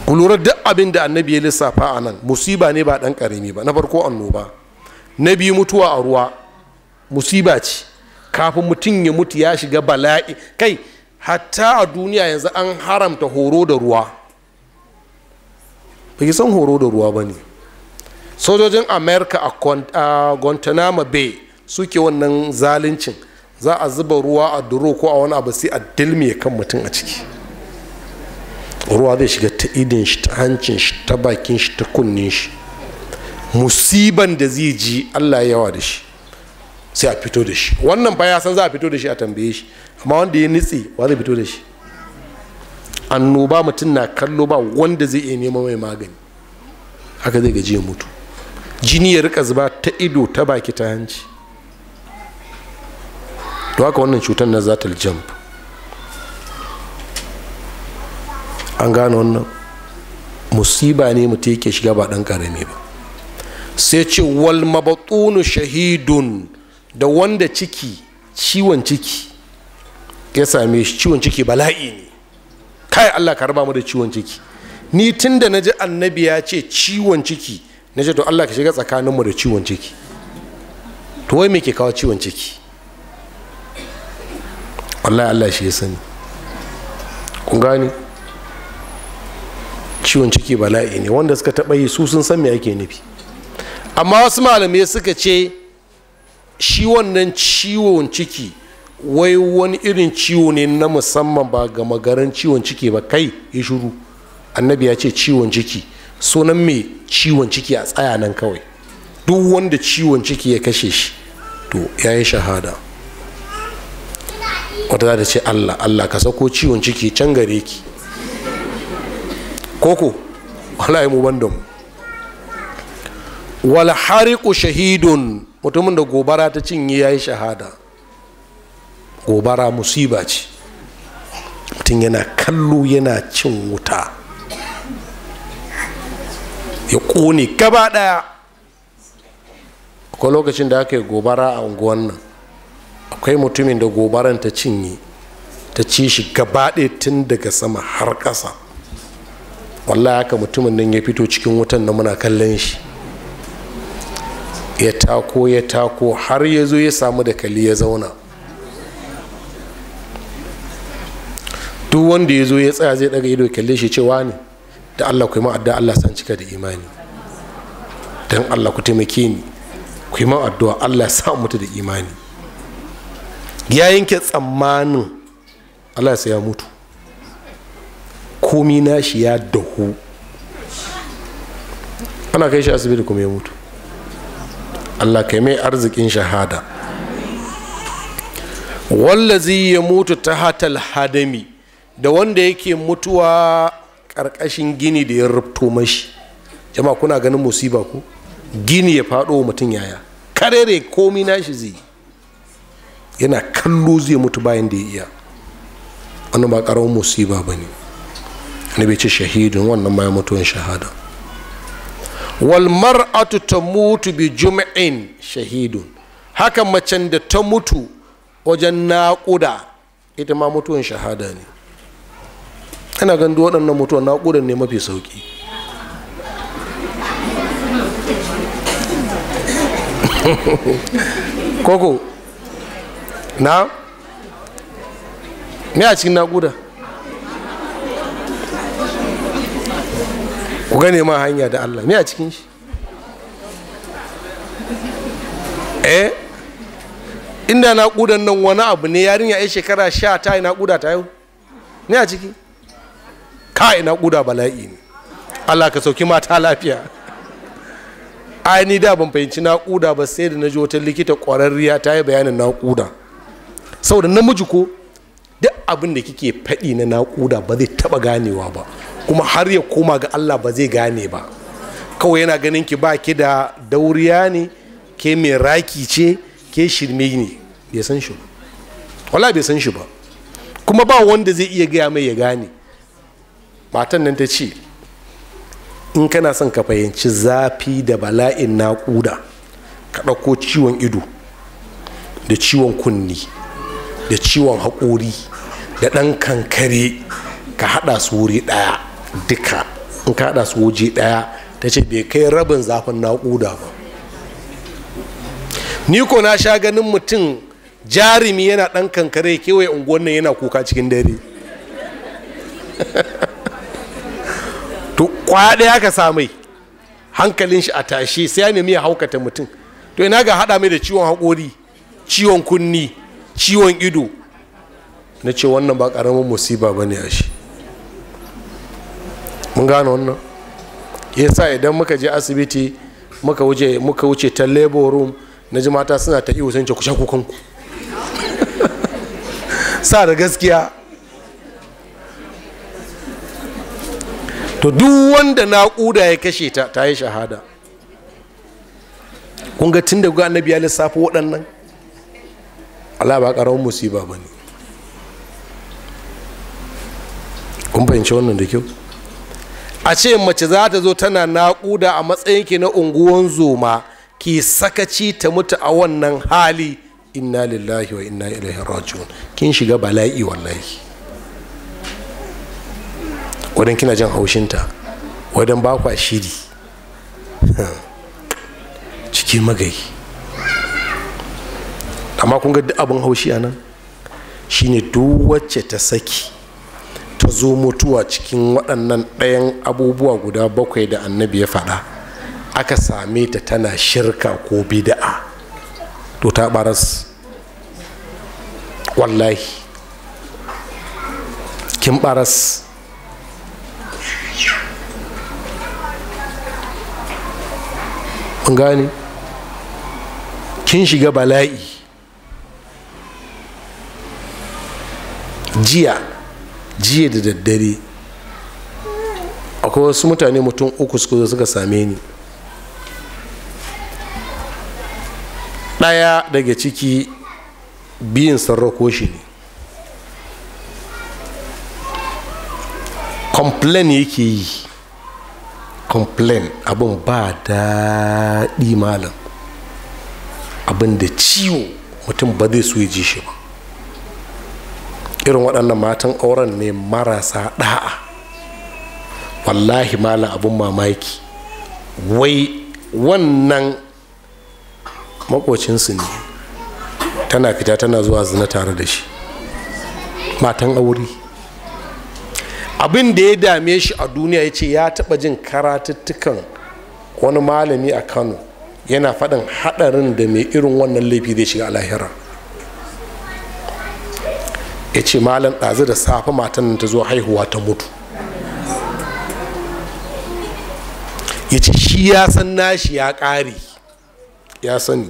ku lura duk abin da annabi ya lissafa a nan musiba ne ba ɗan ƙarami ba na farko annoba na biyu mutuwa a ruwa musiba ce kafin mutum ya mutu ya shiga bala'i kai hatta a duniya yanzu an haramta horo da ruwa ba san horo da ruwa ba ne sojojin Amerika a guantanamo bay suke wannan zaluncin za a zuba ruwa a duro ko a wani abu sai a dilmiye kan mutum a ciki ruwa zai shiga ta idin shi ta hancin shi ta bakin shi ta kunnen shi musiban da zai ji allah yawa da shi sai a fito da shi wannan ba san za a fito da shi a tambaye shi amma wanda ya nitsi wa zai fito da shi annoba mutum na kallo ba wanda zai iya neman mai magani haka zai gaji ya mutu jini ya rika zuba ta ido ta baki ta hanci to haka wannan cutar na zatal jump an gane wannan musiba ne mutum yake shiga ba dan karami ba sai ce wal mabatunu shahidun da wanda ciki ciwon ciki ya same shi ciwon ciki bala'i ne kai allah ka raba mu da ciwon ciki ni tun da na ji annabi ya ce ciwon ciki na ce to allah ka shiga tsakaninmu da ciwon ciki to wai me ke kawo ciwon ciki wallahi allah shi ya sani kun gani ciwon ciki bala'i ne wanda suka taɓa yi su sun san me ake nufi amma wasu malamai suka ce shi wannan ciwon ciki wai wani irin ciwo ne na musamman ba gama garin ciwon ciki ba kai ya shuru annabi ya ce ciwon ciki sunan mai ciwon ciki a tsaya nan kawai duk wanda ciwon ciki ya kashe shi to ya yi shahada wata za ta ce allah allah ka sako ciwon ciki can gare ki koko wala mu da mu wala hariku shahidun mutumin da gobara ta cinye ya yi shahada gobara musiba ce mutum yana kallo yana cin wuta ya ƙone gaba ɗaya akwai lokacin da aka yi gobara a unguwan nan akwai mutumin da gobaran ta cinye ta ci shi gaba ɗaya tun daga sama har ƙasa wallahi haka mutumin nan ya fito cikin wutan na muna kallon shi ya tako ya tako har ya zo ya samu da kalli ya zauna duk wanda ya zo ya tsaya zai ɗaga ido kalle shi cewa ne da Allah ku yi min addu'a Allah san cika da imani don Allah ku taimake ni ku yi min addu'a Allah sa mutu da imani ya yanke tsammanin Allah sai ya mutu komi na shi ya dahu ana kai shi asibiti kuma ya mutu Allah kai mai arzikin shahada wallazi ya mutu ta hatal hadami da wanda yake mutuwa ƙarƙashin gini da ya rubto mashi jama'a kuna ganin musiba ku gini ya faɗo mutum yaya karere komi nashi zai yana kallo zai mutu bayan da ya iya wannan ba ƙaramin musiba ba ne bai ce shahidin wannan ma ya in shahada wal mar'atu tamutu bi jum'in shahidun haka macen da ta mutu wajen naƙuda ita ma mutuwan shahada ne ina duk waɗannan mutuwa naƙudan ne mafi sauƙi *laughs* koko na ne a cikin naƙuda ku gane ma hanya da allah ne a cikin shi eh inda naƙudan nan wani abu ne yarinya ya shekara sha ta yi naƙuda ta yau ne a ciki kai na bala'i ne Allah ka sauki mata lafiya ai ni da ban fahimci naƙuda ba sai da na ji wata likita ƙwararriya ta yi bayanin naƙuda saboda namiji ko duk abin da kike faɗi na naƙuda ba zai taɓa ganewa ba kuma har ya koma ga Allah ba zai gane ba kawai yana ganin ki ba ki da dauriya ne ke mai raki ce ke shirme ne bai san shi ba wala bai san shi ba kuma ba wanda zai iya gaya mai ya gane matan nan ta ce in kana son ka fahimci zafi da bala'in naƙuda ka ɗauko ciwon ido da ciwon kunni da ciwon haƙori da ɗan kankare ka haɗa su wuri ɗaya duka in ka haɗa su waje ɗaya ta ce bai kai rabin zafin naƙuda ba ni ko na sha ganin mutum jarumi yana ɗan kankare kewaye unguwan nan yana kuka cikin dare *laughs* kwaya ɗaya ka samai hankalin shi a tashe sai ya nemi ya haukata mutum to ina ga haɗa mai da ciwon haƙori ciwon kunni ciwon ido na ce wannan ba ƙaramin musiba ba ne a shi mun gane wannan ya sa idan muka je asibiti muka wuce muka wuce ta labor room na ji mata suna ta iya sun ku kukanku *laughs* sa da gaskiya to duk wanda naƙuda ya kashe ta ta yi shahada kun ga tun da ga annabi ya lissafi waɗannan Allah ba ƙaramin musiba ba ne kun fahimci wannan da kyau a ce mace za ta zo tana naƙuda a matsayin ki na unguwan zoma ki sakaci ta mutu a wannan hali inna lillahi wa inna ilaihi raji'un kin shiga bala'i wallahi wadan kina jin haushinta wadan ba kwa shiri ciki magai amma kun ga abin haushi a nan shine duk wacce ta saki ta zo mutuwa cikin waɗannan ɗayan abubuwa guda bakwai da annabi ya faɗa aka same ta tana shirka ko bida'a to ta baras wallahi kin baras an gane kin shiga bala'i jiya jiya da daddare akwai wasu mutane mutum uku suka suka same ni ɗaya daga ciki biyun sarrako shi ne complain yake yi complain abin ba daɗi malam abin da ciwo mutum ba zai so ya ji shi ba irin waɗannan matan auren ne marasa ɗa'a wallahi malam abin mamaki wai wannan makocinsu ne tana fita tana zuwa zina tare da shi matan aure abin da ya dame shi a duniya ya ce ya taɓa jin karatuttukan wani malami a kano yana faɗin haɗarin da mai irin wannan laifi zai shiga lahira ya ce malam ɗazu da safe matan ta zo haihuwa ta mutu ya ce shi ya san nashi ya ƙare ya sani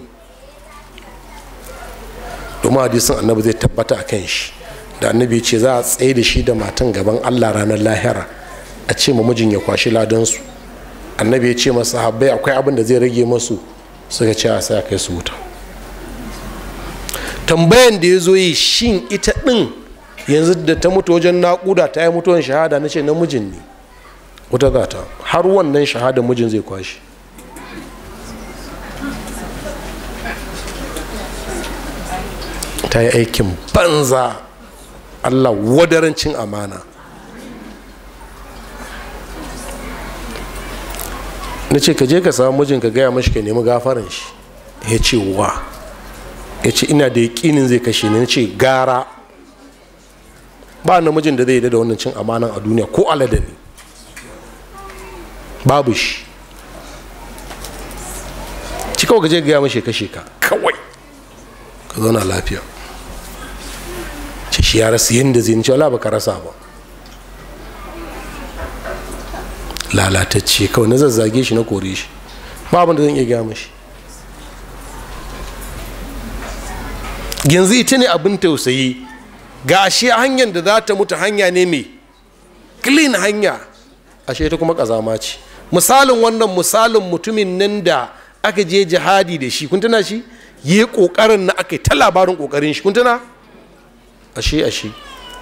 domin hadisin annabi zai tabbata a kan shi da annabi ce za a tsaye da shi da matan gaban allah ranar lahira a ce ma mijin ya kwashi ladansu annabi ya ce masu habbai akwai abin da zai rage masu suka ce a sa kai su wuta tambayan da ya zo yi shin ita ɗin yanzu da ta mutu wajen naƙuda ta yi mutuwan shahada na ce namijin ne wata gata har wannan shahada mijin zai kwashi ta yi aikin banza allah wadarancin amana na ce ka je ka samu mijinka gaya mashi ka nemi gafaran shi ya ce wa ya ce ina da yaƙinin zai kashe ni na ce gara ba na mijin da zai yi da wannan cin amanan a duniya ko alada ne babu shi ci kawai ka je gaya mashi kashe ka kawai ka zauna lafiya shi ya rasu yadda zai nice wala baka rasa ba lalatacce kawai na zazzage shi na kore shi ba abin da zan iya gama shi yanzu ita ne abin tausayi ga ashe hanyar da za ta mutu hanya ne mai clean hanya ashe ta kuma kazama ce misalin wannan misalin mutumin nan da aka je jihadi da shi kun shi yi kokarin na aka yi ta labarin kokarin shi kun ashe ashe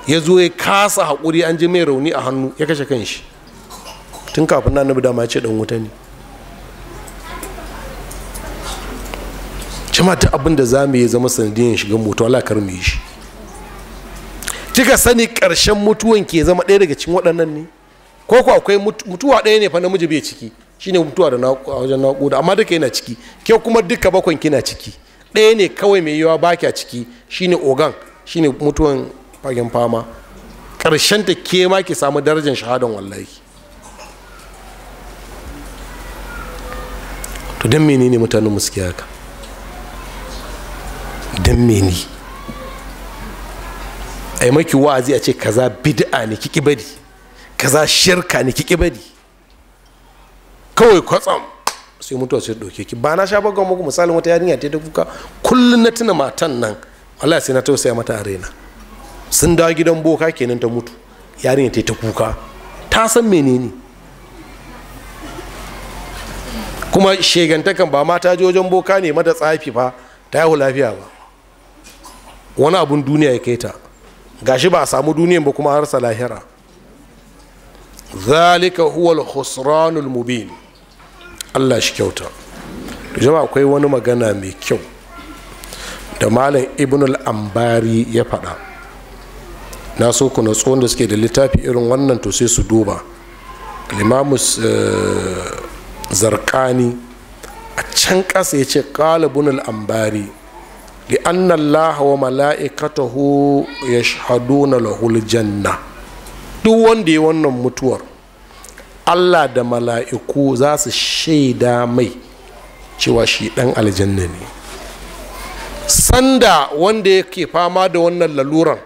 ya zo ya kasa haƙuri an ji mai rauni a hannu ya kashe kan shi tun kafin na nabi dama ce dan wuta ne cima ta abin da za mu yi zama sanadiyan shiga mutu Allah kar mu yi shi kika sani ƙarshen mutuwan ke zama ɗaya daga cikin waɗannan ne ko ko akwai mutuwa ɗaya ne fa namiji bai ciki shine mutuwa da wajen naƙuda amma duka yana ciki ke kuma duka bakon kina ciki ɗaya ne kawai mai yiwa baki a ciki shine ogan shine mutuwan fagen fama ƙarshen ta ke ma ki samu darajar shahadan wallahi to don ne mutanen muske haka don mene a yi maki wa'azi a ce kaza bid'a ne kiki bari kaza shirka ne kiki bari kawai kwatsam sai mutuwa sai doke ki ba na sha bagon muku misalin wata yarinya ta kuka kullum na tuna matan nan wallahi sai na tausaya mata a sun dawo gidan boka kenan ta mutu yarinya ta ta kuka ta san menene kuma shegantakan ba mata ta wajen boka ne mata tsafi fa ta yahu lafiya ba wani abun duniya ya kai ta gashi ba a samu duniyan ba kuma harsa lahira zalika huwal husranul mubin Allah shi kyauta jama'a akwai wani magana mai kyau da malam ibn al-ambari ya faɗa na so ku natsu wanda suke da littafi irin wannan to sai su duba Limamus eh, zarkani a can ƙasa ya ce ƙalibin al'ambari li'anna Allah wa mala'ikatahu ya na lahul janna duk wanda ya wannan mutuwar Allah da mala'iku za su shaida mai cewa shi ɗan aljanna ne sanda wanda yake fama da wannan laluran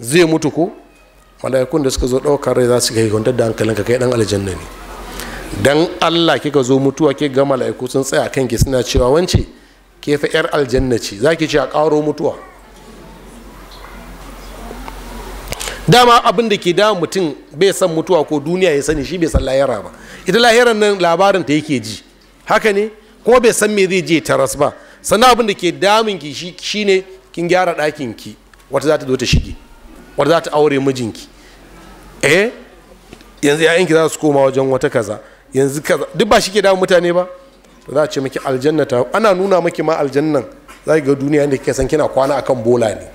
zai mutu ko mala'ikun da suka zo ɗaukar rai za su kai kwantar da hankalinka kai ɗan aljanna ne dan allah kika zo mutuwa ke ga mala'iku sun tsaya kan ki suna cewa wance ke fa yar aljanna ce za ki ce a karo mutuwa dama abin da ke da mutum bai san mutuwa ko duniya ya sani shi bai san lahira ba ita lahiran nan labarin ta yake ji haka ne kuma bai san me zai je taras ba sannan abin da ke damun ki shine kin gyara ɗakin ki wata za ta zo ta shige wata za ta aure mijinki eh yanzu ya'yanki za su koma wajen wata kaza yanzu kaza duk ba shi ke damun mutane ba to za a ce miki aljanna ta ana nuna miki ma aljannan za ki ga duniya inda kike san kina kwana akan bola ne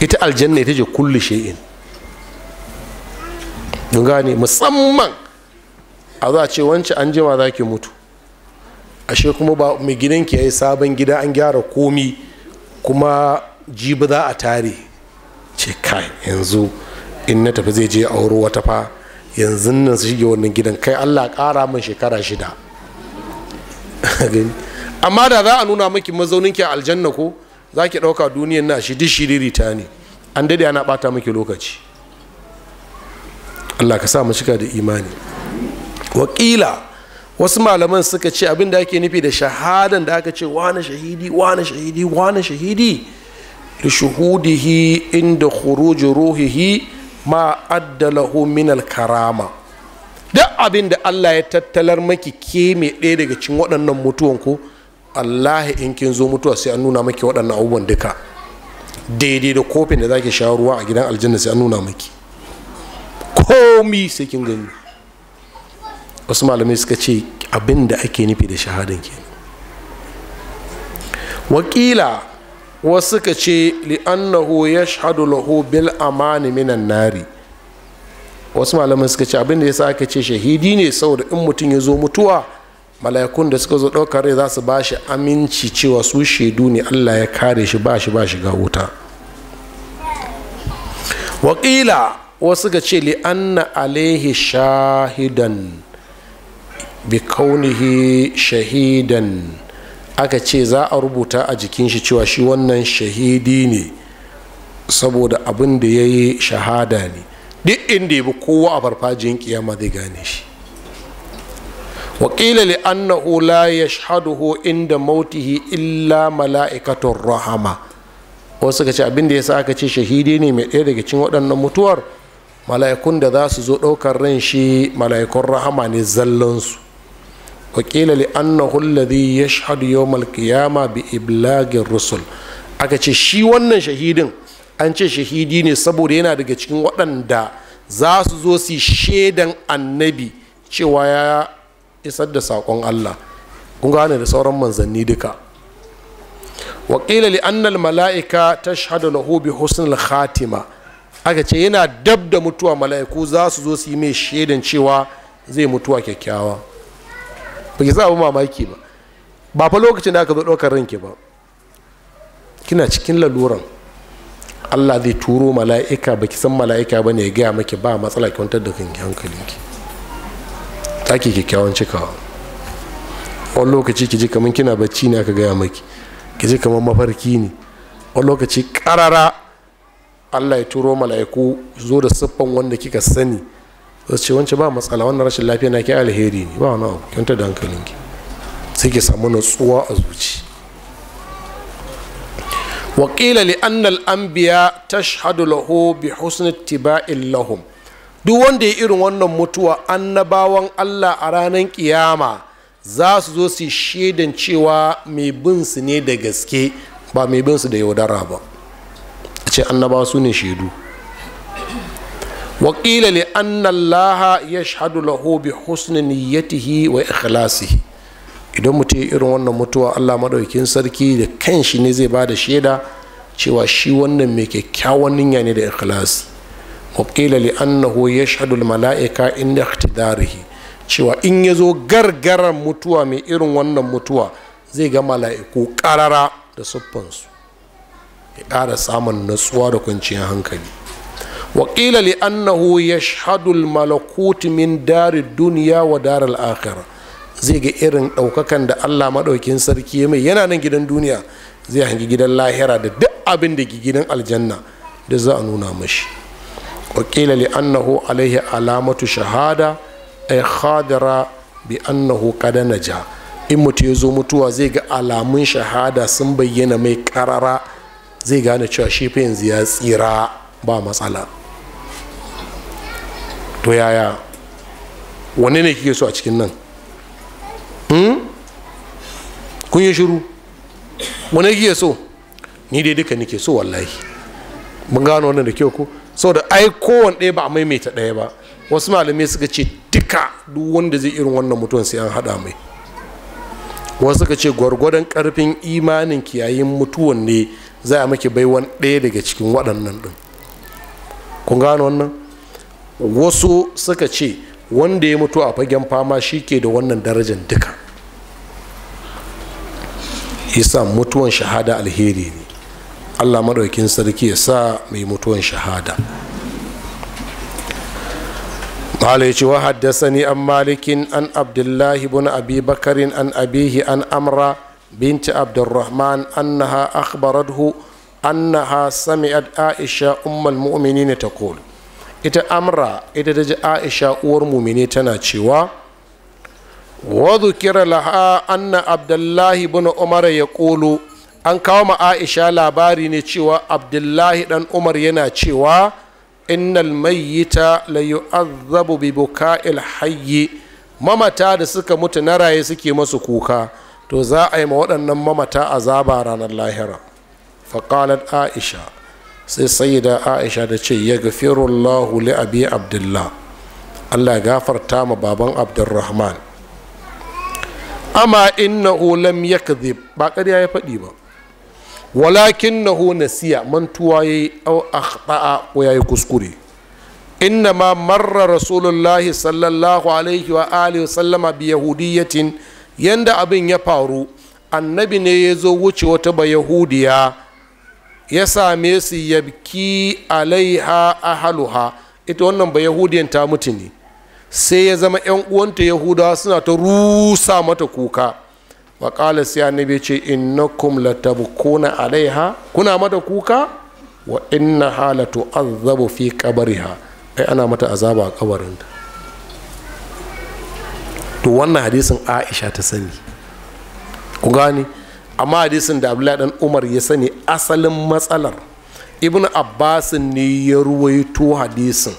ita aljanna ita ce kullu shay'in mun gane musamman a za a ce wance an jima za ki mutu ashe kuma ba mai gidan ki ya yi sabon gida an gyara komi kuma jibi za a tare ce kai yanzu in na tafi zai je auro wata fa yanzu nan su shige wannan gidan kai allah kara min shekara shida amma da za a nuna maki ki a aljanna ko za ki ɗauka duniyan na shi shiriri ta ne an dade ana ɓata maki lokaci allah ka sa mu shiga da imani wakila wasu malaman suka ce abin da ake nufi da shahadan da aka ce wane shahidi wane shahidi wane shahidi da shuhudihi inda khuruji ruhihi ma addalahu min karama duk abin da Allah ya tattalar maki ke mai ɗaya daga cikin waɗannan mutuwan ko Allah in kin zo mutuwa sai an nuna maki waɗannan abubuwan duka daidai da kofin da zaki sha ruwa a gidan aljanna sai an nuna maki komi sai kin gani wasu malamai suka ce abin da ake nufi da shahadan ke wakila wasu suka ce li'annahu ya shahadu lahu bil amani minan nari wasu malamai suka ce abin da yasa aka ce shahidi ne saboda in mutum ya zo mutuwa mala'ikun da suka zo ɗaukar rai za su ba shi aminci cewa su shaidu ne allah ya kare shi ba shi ba shi ga wuta wakila wasu ga ce li'anna alaihi shahidan bikaunihi shahidan aka ce za a rubuta a jikin shi cewa shi wannan shahidi ne saboda abin da ya yi shahada ne duk inda ya bi kowa a farfajin kiyama zai gane shi wakila li annahu la yashhaduhu inda mautihi illa mala'ikatun rahama wasu ka ce abin da yasa aka ce shahidi ne mai ɗaya daga cikin waɗannan mutuwar mala'ikun da za su zo ɗaukar ran shi mala'ikun rahama ne zallansu wa qila li annahu alladhi yashhadu yawm al-qiyama bi iblagir rusul ce shi wannan shahidin an ce shahidi ne saboda yana daga cikin waɗanda za su zo su shaidan annabi cewa ya isar da saƙon Allah kun gane da sauran manzanni duka waƙila li mala'ika ta shahada lahu bi husnul khatima aka ce yana dab da mutuwa mala'iku za su zo su yi mai shaidan cewa zai mutuwa kyakkyawa ba sa abu mamaki ba ba fa lokacin da aka zo ɗaukar ranki ba kina cikin laluran allah zai turo mala'ika ba ki san mala'ika ba ne ya gaya maki ba matsala ki wantar da kanki hankalinki ta ke kyakkyawan cikawa wani lokaci ki ji kamar kina bacci ne aka gaya maki ki ji kamar mafarki ne wani lokaci karara allah ya turo mala'iku zo da siffan wanda kika sani za ce wancan ba matsala wannan rashin lafiya na ke alheri ne ba wani abu kyanta da ki sai ke samu natsuwa a zuci wakila li annal anbiya tashhadu lahu bi husni tiba'in lahum duk wanda ya irin wannan mutuwa annabawan Allah a ranar kiyama za su zo su shaidan cewa mai bin su ne da gaske ba mai bin su da yaudara ba a ce annabawa su ne shaidu waƙila li annallaha ya shahadu lahu bi husni wa ikhlasihi idan mutum irin wannan mutuwa allah maɗaukin sarki da kan shi ne zai ba da shaida cewa shi wannan mai kyakkyawan niyya ne da ikhlasi waƙila li annahu ya shahadu mala'ika inda ikhtidarihi cewa in ya zo gargaran mutuwa mai irin wannan mutuwa zai ga mala'iku ƙarara da siffansu ya ƙara samun natsuwa da kwanciyar hankali waƙila li annahu ya shahadul malakut min dari duniya wa darar akhira zai ga irin ɗaukakan da allah maɗaukin sarki ya mai yana nan gidan duniya zai hangi gidan lahira da duk abin da ke gidan aljanna da za a nuna mashi waƙila annahu alaihi alamatu shahada ay khadara bi annahu qad in mutu ya zo mutuwa zai ga alamun shahada sun bayyana mai ƙarara zai gane cewa shi fa yanzu ya tsira ba matsala to yaya wane ne kike so a cikin nan hmm? kun yi shiru wanne kike so ni dai duka nike so wallahi mun gano wannan da kyau ko saboda ai kowane ɗaya ba a maimaita ɗaya ba wasu malamai suka ce duka duk wanda zai irin wannan mutuwan sai an haɗa mai wasu suka ce gwargwadon karfin imanin kiyayin mutuwan ne za a maki baiwan ɗaya daga cikin waɗannan ɗin kun gano wannan wasu suka ce wanda ya mutu a fagen fama shi ke da wannan darajar duka isa mutuwan shahada alheri ne allah maɗaukin sarki ya sa mai mutuwan shahada malaici wa haddasani an malikin an abdullahi bin abi bakarin an abihi an amra binti abdurrahman annaha ha annaha sami'at aisha ummul ta taqulu ita amra ita ta ji aisha uwar mumine tana cewa wadda kira laha anna abdullahi bin umar ya kolo an kawo ma aisha labari ne cewa abdullahi dan umar yana cewa innal mayyita la yu'azzabu bi buka'il hayyi mamata da suka mutu na raye suke masu kuka to za a yi ma waɗannan mamata azaba ranar lahira faqalat aisha sai da aisha da ce ya ga li abi abdullah allah gafarta ma baban abdurrahman amma inna lam ya ba ƙarya ya faɗi ba walakin na siya mantuwa ya yi akhta'a ko ya yi kuskure inna ma marra rasulullahi sallallahu alaihi wa alihi wa sallama bi yanda abin ya faru annabi ne ya zo wuce wata ba yahudiya ya same su yabki alaiha a haluha ita wannan ba yahudiyan ta mutu ne sai ya zama yan uwanta yahudawa suna ta rusa mata kuka wa qala sai annabi ce innakum latabkuna alaiha kuna mata kuka wa inna halatu azabu fi qabriha ai ana mata azaba a kabarinta to wannan hadisin aisha ta sani ku gane amma hadisin da abdullahi dan umar ya sani asalin matsalar ibn abbasin ne ya ruwaito hadisin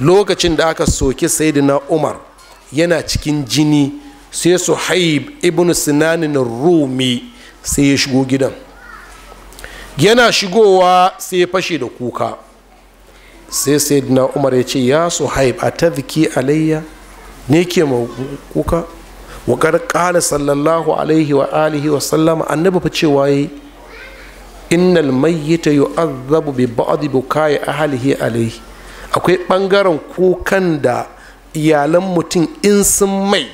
lokacin da aka soki sayyidina umar yana cikin jini sai su haib ibn sinanin rumi sai ya shigo gidan yana shigowa sai ya fashe da kuka sai sayyidina umar ya ce ya su suhaib a tafiki alayya ne ke kuka wa ƙara sallallahu alaihi wa alihi wa sallama annabi fa cewa yi innal mayyita yu'adhabu bi ba'd bukai alaihi akwai bangaren kukan da iyalan mutum in sun mai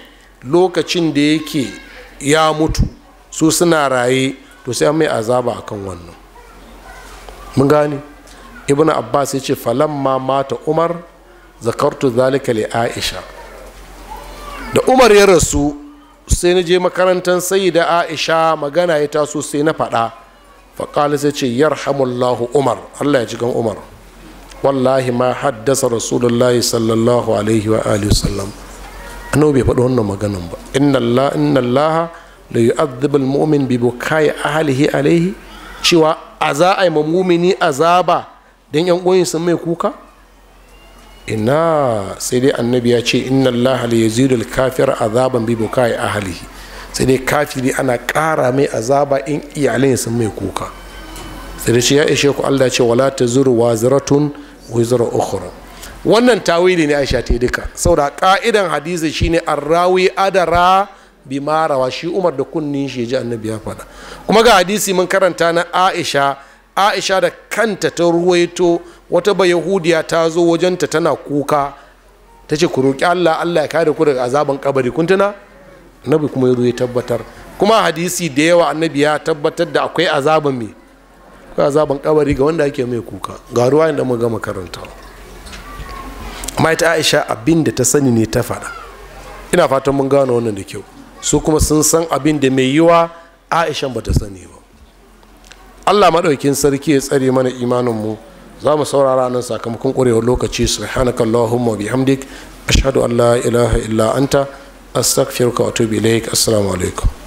lokacin da yake ya mutu su suna raye to sai mai azaba kan wannan mun gane ibn abbas ya ce falamma mata umar zakartu zalika li aisha da umar ya rasu sai na je makarantar sai da aisha magana ya taso sai na faɗa faƙali sai ce yarhamullahu umar allah ya ji gan umar wallahi ma haddasa rasulullahi sallallahu alaihi wa alihi sallam. annabi bai faɗi wannan maganan ba inna allah inna allah la yu'adhibu almu'min bi bukai ahlihi alaihi cewa a za a yi mumini azaba dan yan uwan sun mai kuka ina sai dai annabi ya ce inna Allah la yazidul kafir azaban bi bukai ahlihi sai dai kafiri ana kara mai azaba in iyalai sun mai kuka sai dai ya ishe ku Allah ce wala tazuru waziratun wizra ukhra wannan tawili ne Aisha ta duka saboda ka'idan hadisi shine arrawi adara bi marawa shi Umar da kunnin shi ya ji annabi ya faɗa kuma ga hadisi mun karanta na Aisha Aisha da kanta ta ruwaito wata yahudiya ta zo wajenta tana kuka ta ce ku roƙi allah allah ya kare ku daga azaban kabari kun tuna annabi kuma ya tabbatar kuma hadisi da yawa annabi ya tabbatar da akwai azaban me akwai azaban kabari ga wanda ake mai kuka ga ruwa inda mu gama karanta amma ita aisha abin da ta sani ne ta faɗa ina fatan mun gano wannan da kyau su kuma sun san abin da mai yiwa aishan ba ta sani ba allah maɗaukin sarki ya tsare mana imanin mu za mu saurara nan sakamakon ƙwarewar lokaci subhanaka allahumma bihamdik ashhadu an la ilaha illa anta astaghfiruka wa atubu ilaik assalamu alaikum